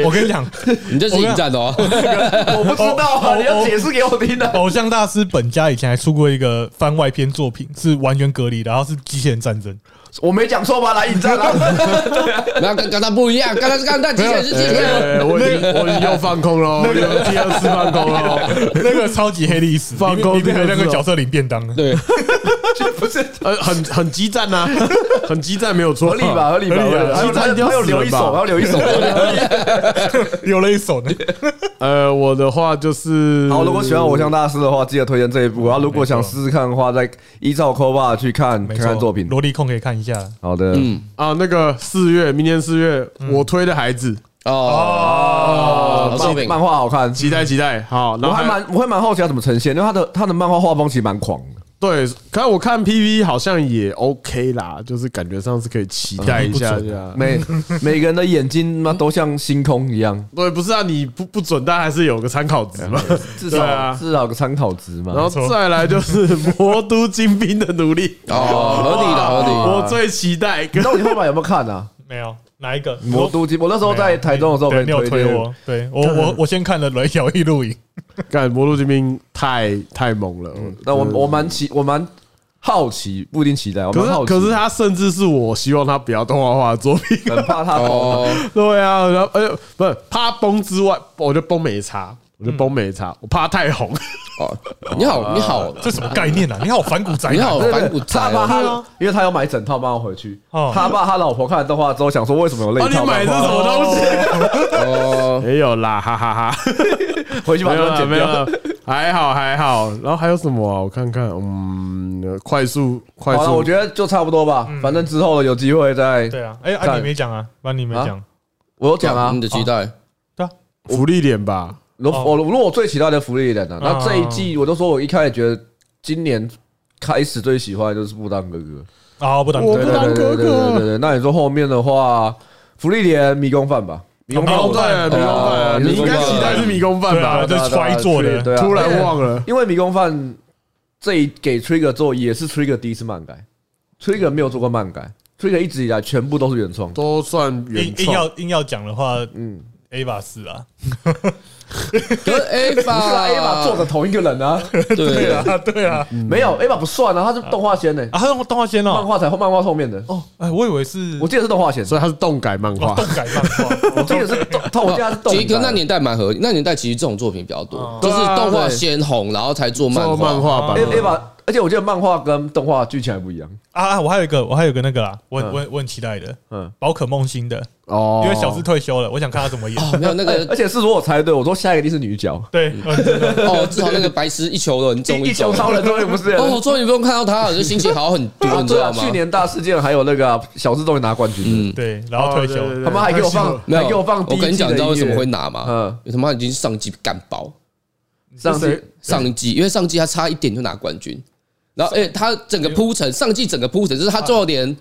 我跟你講，你這是引戰的哦，我不知道啊，你要解釋給我聽的。偶像大師本家以前還出過一個番外篇作品，是完全隔離的，然後是機器人戰爭，我沒講錯吧？來引戰啊。啊 那跟鋼不一樣，剛才鋼彈機器人是機器人、欸欸，我已經，我已經又放空了，那個、那個第二次放空了。那個超級黑歷史，你你還有、哦、那個角色領便當呢、啊？對 不是呃，很很激戰吶，很激戰、啊，激戰沒有錯、啊，合理吧？合理吧？合理啊啊、激戰，一定要，要留一手，我要留一手， 留了一手。呃，我的話就是，好，如果喜歡偶像大師的話，記得推薦這一部啊。嗯嗯、然後如果想試試看的話，再依照 CloBA 去看沒看看作品，蘿莉控可以看一下。好的，嗯啊、呃，那個四月，明年四月、嗯，我推的孩子、嗯、哦。哦好，漫畫好看，嗯，期待期待，好，我還蠻我會蠻好奇他怎麼呈現，因為他的他的漫畫畫風其實蠻狂的。對，可是我看 PV 好像也 OK 啦，就是感覺上是可以期待一下。每每個人的眼睛嘛，都像星空一樣。對，不是啊，你不不準，但還是有個參考值嘛。至少，至少個參考值嘛。然後再來就是《魔都精兵的努力》。哦，合理了，合理。我最期待。那你後面有沒有看呢、啊？沒有。哪一個魔都精？我那時候在台中的時候被推，你有推我，對？對，我我我先看了阮小藝錄影 看魔都精兵太太猛了，嗯。但我我蠻期，我蠻好奇，不一定期待。我可是可是他甚至是我希望他不要動畫化的作品，啊，很怕他崩，哦。 對啊，然後哎呦，不是怕崩之外，我就崩沒差。我就崩沒差，我怕太紅、嗯哦。你好，你好、啊啊，這什麼概念啊？你好反骨仔、啊、你好反骨宅嗎、啊？對對對他他因為他要買整套，幫我回去。哦、他爸他老婆看了動畫之後，想說為什麼有那一套。啊、你買這是什麼東西？沒、哦哦、有啦,哈哈哈，哈。回去把它剪掉、啊啊。還好還好。然後還有什麼啊？我看看，嗯，快速快速、啊。我覺得就差不多吧。嗯、反正之後有機會再。對啊，哎、欸，啊、安妮沒講啊，安妮沒講、啊。我有講啊，你的期待。對啊，福利點吧。如我如果我最期待的芙莉蓮呢？那這一季我都說，我一開始覺得今年開始最喜歡就是不當哥哥對啊，對啊，對啊，啊、哦哦，不當哥哥，對，對對。那你說後面的話，芙莉蓮迷宮飯吧？迷宮飯、啊啊啊，迷宮飯。你應該期待是迷宮飯吧？對，啊對啊，揣做的，突然忘了、啊。因為迷宮飯這一給 Trigger 做也是 Trigger 第一次漫改、嗯 hey, trigger, trigger, 次改嗯、Trigger 沒有做過漫改、嗯、Trigger 一直以來全部都是原創，都算原創。硬要硬要講的話，嗯。Ava 是、啊、是， 是啊，跟 Ava a 是 Ava 做的同一個人啊？對啊，對啊，嗯、沒有 Ava 不算啊，他是動畫先呢，他是動畫先哦，漫畫才漫畫後面的哦。哎、欸，我以為是，我記得是動畫先，所以他是動改漫畫、哦，動改漫畫。我，漫畫我記得是動，我記得是。其實那年代蠻合那年代其實這種作品比較多，啊、就是動畫先紅，然後才做漫畫。漫畫版的。Ava，而且我覺得漫畫跟動畫劇情還不一樣啊！我還有一個，我還有一個那個啦，我、嗯、我很我很期待的，嗯，寶可夢新的哦，因為小智退休了，我想看他怎麼演。哦哦。沒有那個，欸、而且是如果我猜對，我說下一個一定是女角，對、嗯、哦， 哦，至少那個白癡一球的終於一球超人終於不是哦，終於不用看到他了，就心情好很多。 你知道嗎？啊就是、去年大事件還有那個、啊、小智都會拿冠軍是是，嗯，嗯，對，然後退休，哦、對對對他們還給我放，還給我放沒有又放，我跟你講，你知道為什麼會拿嘛。嗯，他媽已經上季幹爆，上上季因為上季他差一點就拿冠軍。然後，哎，他整個鋪陳、哎，上季整個鋪陳就是他最後連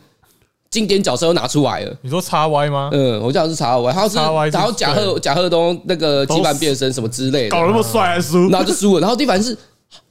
經典角色都拿出來了。啊、你說叉 Y 嗎？嗯，我知道是叉 Y，他要是然後賈賀賈賀東那個羈絆變身什麼之類的，搞那麼帥還輸，啊、然後就輸了。 然後地板是。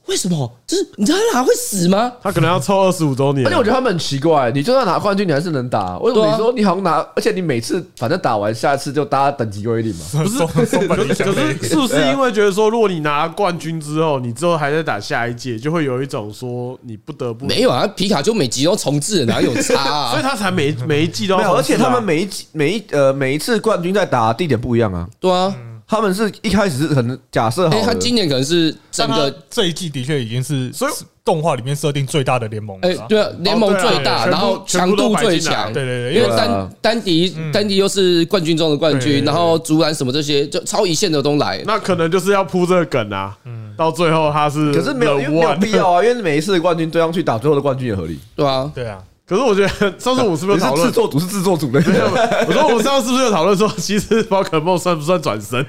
為什麼？就是你知道他還會死嗎？他可能要抽二十五周年。而且我覺得他們很奇怪、欸，你就算拿冠軍，你還是能打。為什麼、啊、你說你好像拿？而且你每次反正打完，下次就大家等級歸零嘛。不是， 可是是不是因為覺得說，如果你拿冠軍之後，你之後還在打下一屆，就會有一種說你不得不沒有啊？皮卡就每集都重置，哪有差、啊？ 所以他才每每一季都，啊沒有。而且他們每一季每一，呃每一次冠軍在打地點不一樣啊。對啊。他們是一開始是可能假設，因為他今年可能是整個這一季的確已經是，所有動畫裡面設定最大的聯盟，哎，對啊，聯盟最大，然後強度最強，對對對，因為丹丹帝丹帝又是冠軍中的冠軍，然後竹蘭什麼這些就超一線的都來，那可能就是要鋪這個梗啊，嗯，到最後他是可是沒有沒有必要啊，因為每一次的冠軍對上去打最後的冠軍也合理，對啊，對啊。可是我覺得上次我是不是討論制作組是製作組的？ 我說我們上次是不是有討論說，其實寶可夢算不算轉身？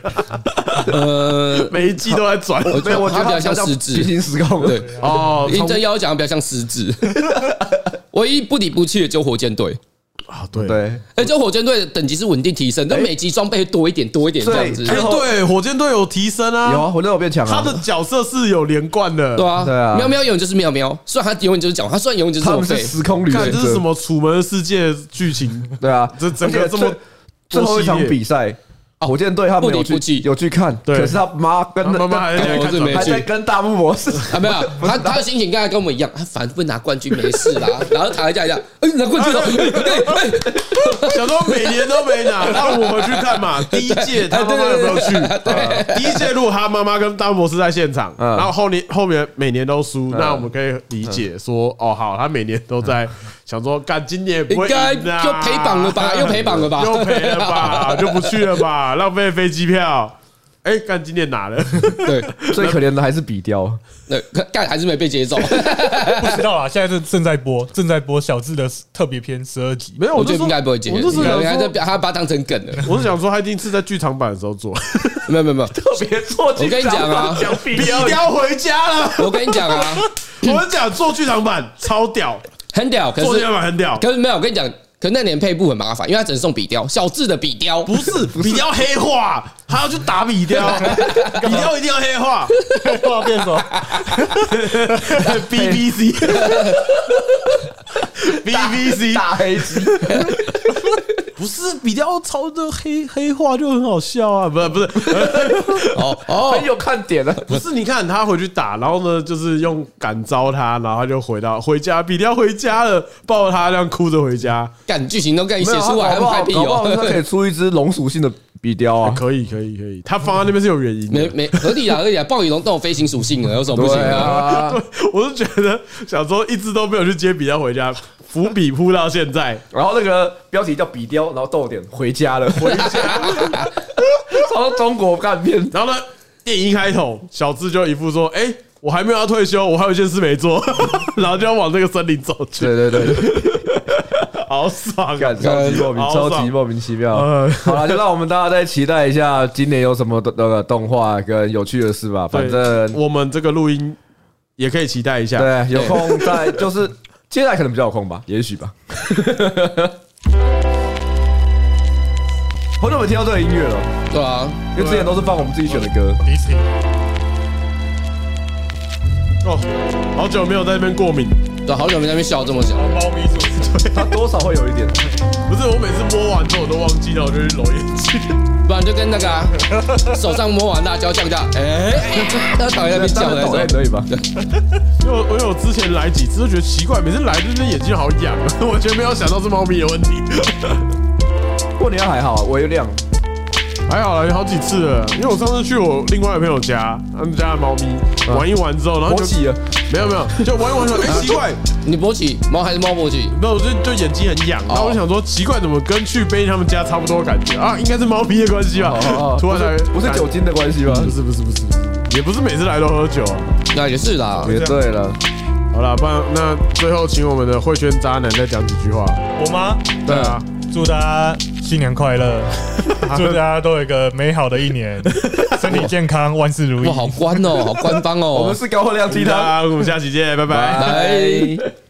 呃，每一季都在轉，對，我覺得他比較像獅子，平行時空。對。哦，認真要講比較像獅子，啊啊哦。唯一不離不棄的就火箭隊。啊，對對，而且火箭隊的等級是穩定提升，那每級裝備多一點，多一點這樣子。對，火箭隊有提升啊，有啊，火箭隊有變強啊。他的角色是有連貫的，對啊，對啊，喵喵永遠就是喵喵，雖然他永遠就是講，他雖然永遠就是他們是時空旅人，看這是什麼楚門世界劇情，對啊，這整個這麼最後一場比賽。火箭隊，他沒有去，有去看。對，可是他媽跟他媽還是沒去。跟大木博士，沒有他他的心情，剛才跟我們一樣，他反覆拿冠軍沒事啦。然後他一下一下，哎，拿冠軍了，哦！想說每年都沒拿，那我們去看嘛。第一屆他媽媽有沒有去，第一屆如果他媽媽跟大木博士在現場，然後後年後面每年都輸，那我們可以理解說，哦，好，他每年都在想說，幹今年也不會就陪榜了吧，又陪榜了吧，又陪了吧，就不去了吧。浪費飛機票、欸，哎，幹今天拿了？對，最可憐的還是比雕對，那蓋還是沒被接走。 不知道啊，現在是正在播，正在播小智的特別篇十二集。沒有我，我覺得應該不會接。我就是說還他把他當成梗了。他他梗了嗯、我是想說，他第一次在劇場版的時候做、嗯沒，沒有沒有沒有特別做。我跟你講啊，比雕，雕回家了。我跟你講啊， 我講做劇場版超屌，很屌。做劇場版很屌，可是沒有。我跟你講。可那年配布很麻煩，因為他只能送比雕，小智的比雕不是比雕黑化，還要去打比雕，比雕一定要黑化，黑化變什麼？B B C B B C，打黑子。不是，比雕超的黑黑話，就很好笑啊！不是，不是，哦哦，很 有看點啊！不是，你看他回去打，然後呢，就是用感召他，然後他就回到回家，比雕回家了，抱他這樣哭着回家。幹，劇情都給你寫出來，還搞不好，搞不好，搞不好他可以出一隻龍屬性的比雕啊！可以，可以，可以，他放在那邊是有原因的、嗯，沒沒合理啊，合理啊！暴鯉龍都有飛行屬性了，有什麼不行啊？對，我是覺得小時候一直都沒有去接比雕回家。伏筆鋪到現在，然後那個標題叫《比雕》，然後逗點回家了，回家然後中國幹片。然後呢，電影一開頭，小智就一副說：“哎，我還沒有要退休，我還有一件事沒做。”然後就要往這個森林走去。對對對，好爽，啊，超級莫名，超級莫名其妙。好了，就讓我們大家再期待一下今年有什麼那個動畫跟有趣的事吧。反正我們這個錄音也可以期待一下。對，有空再就是。接下來可能比較有空吧，也許吧。 好久沒聽到這個音樂了？對啊，因為之前都是放我們自己選的歌。哦，好久沒有在那邊過敏。對，好久沒在那邊笑這麼久了。貓、啊、咪是不是對，它多少會有一點。不是，我每次摸完之後我都忘記了，我就是揉眼睛。不然就跟那個、啊、手上摸完、啊，辣椒醬一樣。哎、欸，那、欸、倒、欸欸欸、在那邊講，倒在可以吧？對。因為我，因為我之前來幾次都覺得奇怪，每次來就是眼睛好癢， 我完全沒有想到是貓咪的問題。 過年還好、啊，我又亮。還好啦，有好幾次了。因為我上次去我另外一朋友家，他們家的貓咪、啊、玩一玩之後，然後就勃起沒有沒有，就玩一玩說、欸啊、奇怪，你勃起貓還是貓勃起，沒有，就就眼睛很癢，那、哦、我想說奇怪怎麼跟去貝他們家差不多的感覺啊，應該是貓咪的關係吧，哦哦哦突然來是不是酒精的關係吧、嗯？不是不是不是，也不是每次來都喝酒、啊，那也是啦，也對了，好了，那最後請我們的繪圈渣男再講幾句話，我嗎？對啊。嗯祝大家新年快樂！ 祝大家都有一個美好的一年， 身體健康， 萬事如意。好官哦，好官方哦！ 我們是高熱量雞湯的。好， 我們下期見， 拜拜。Bye.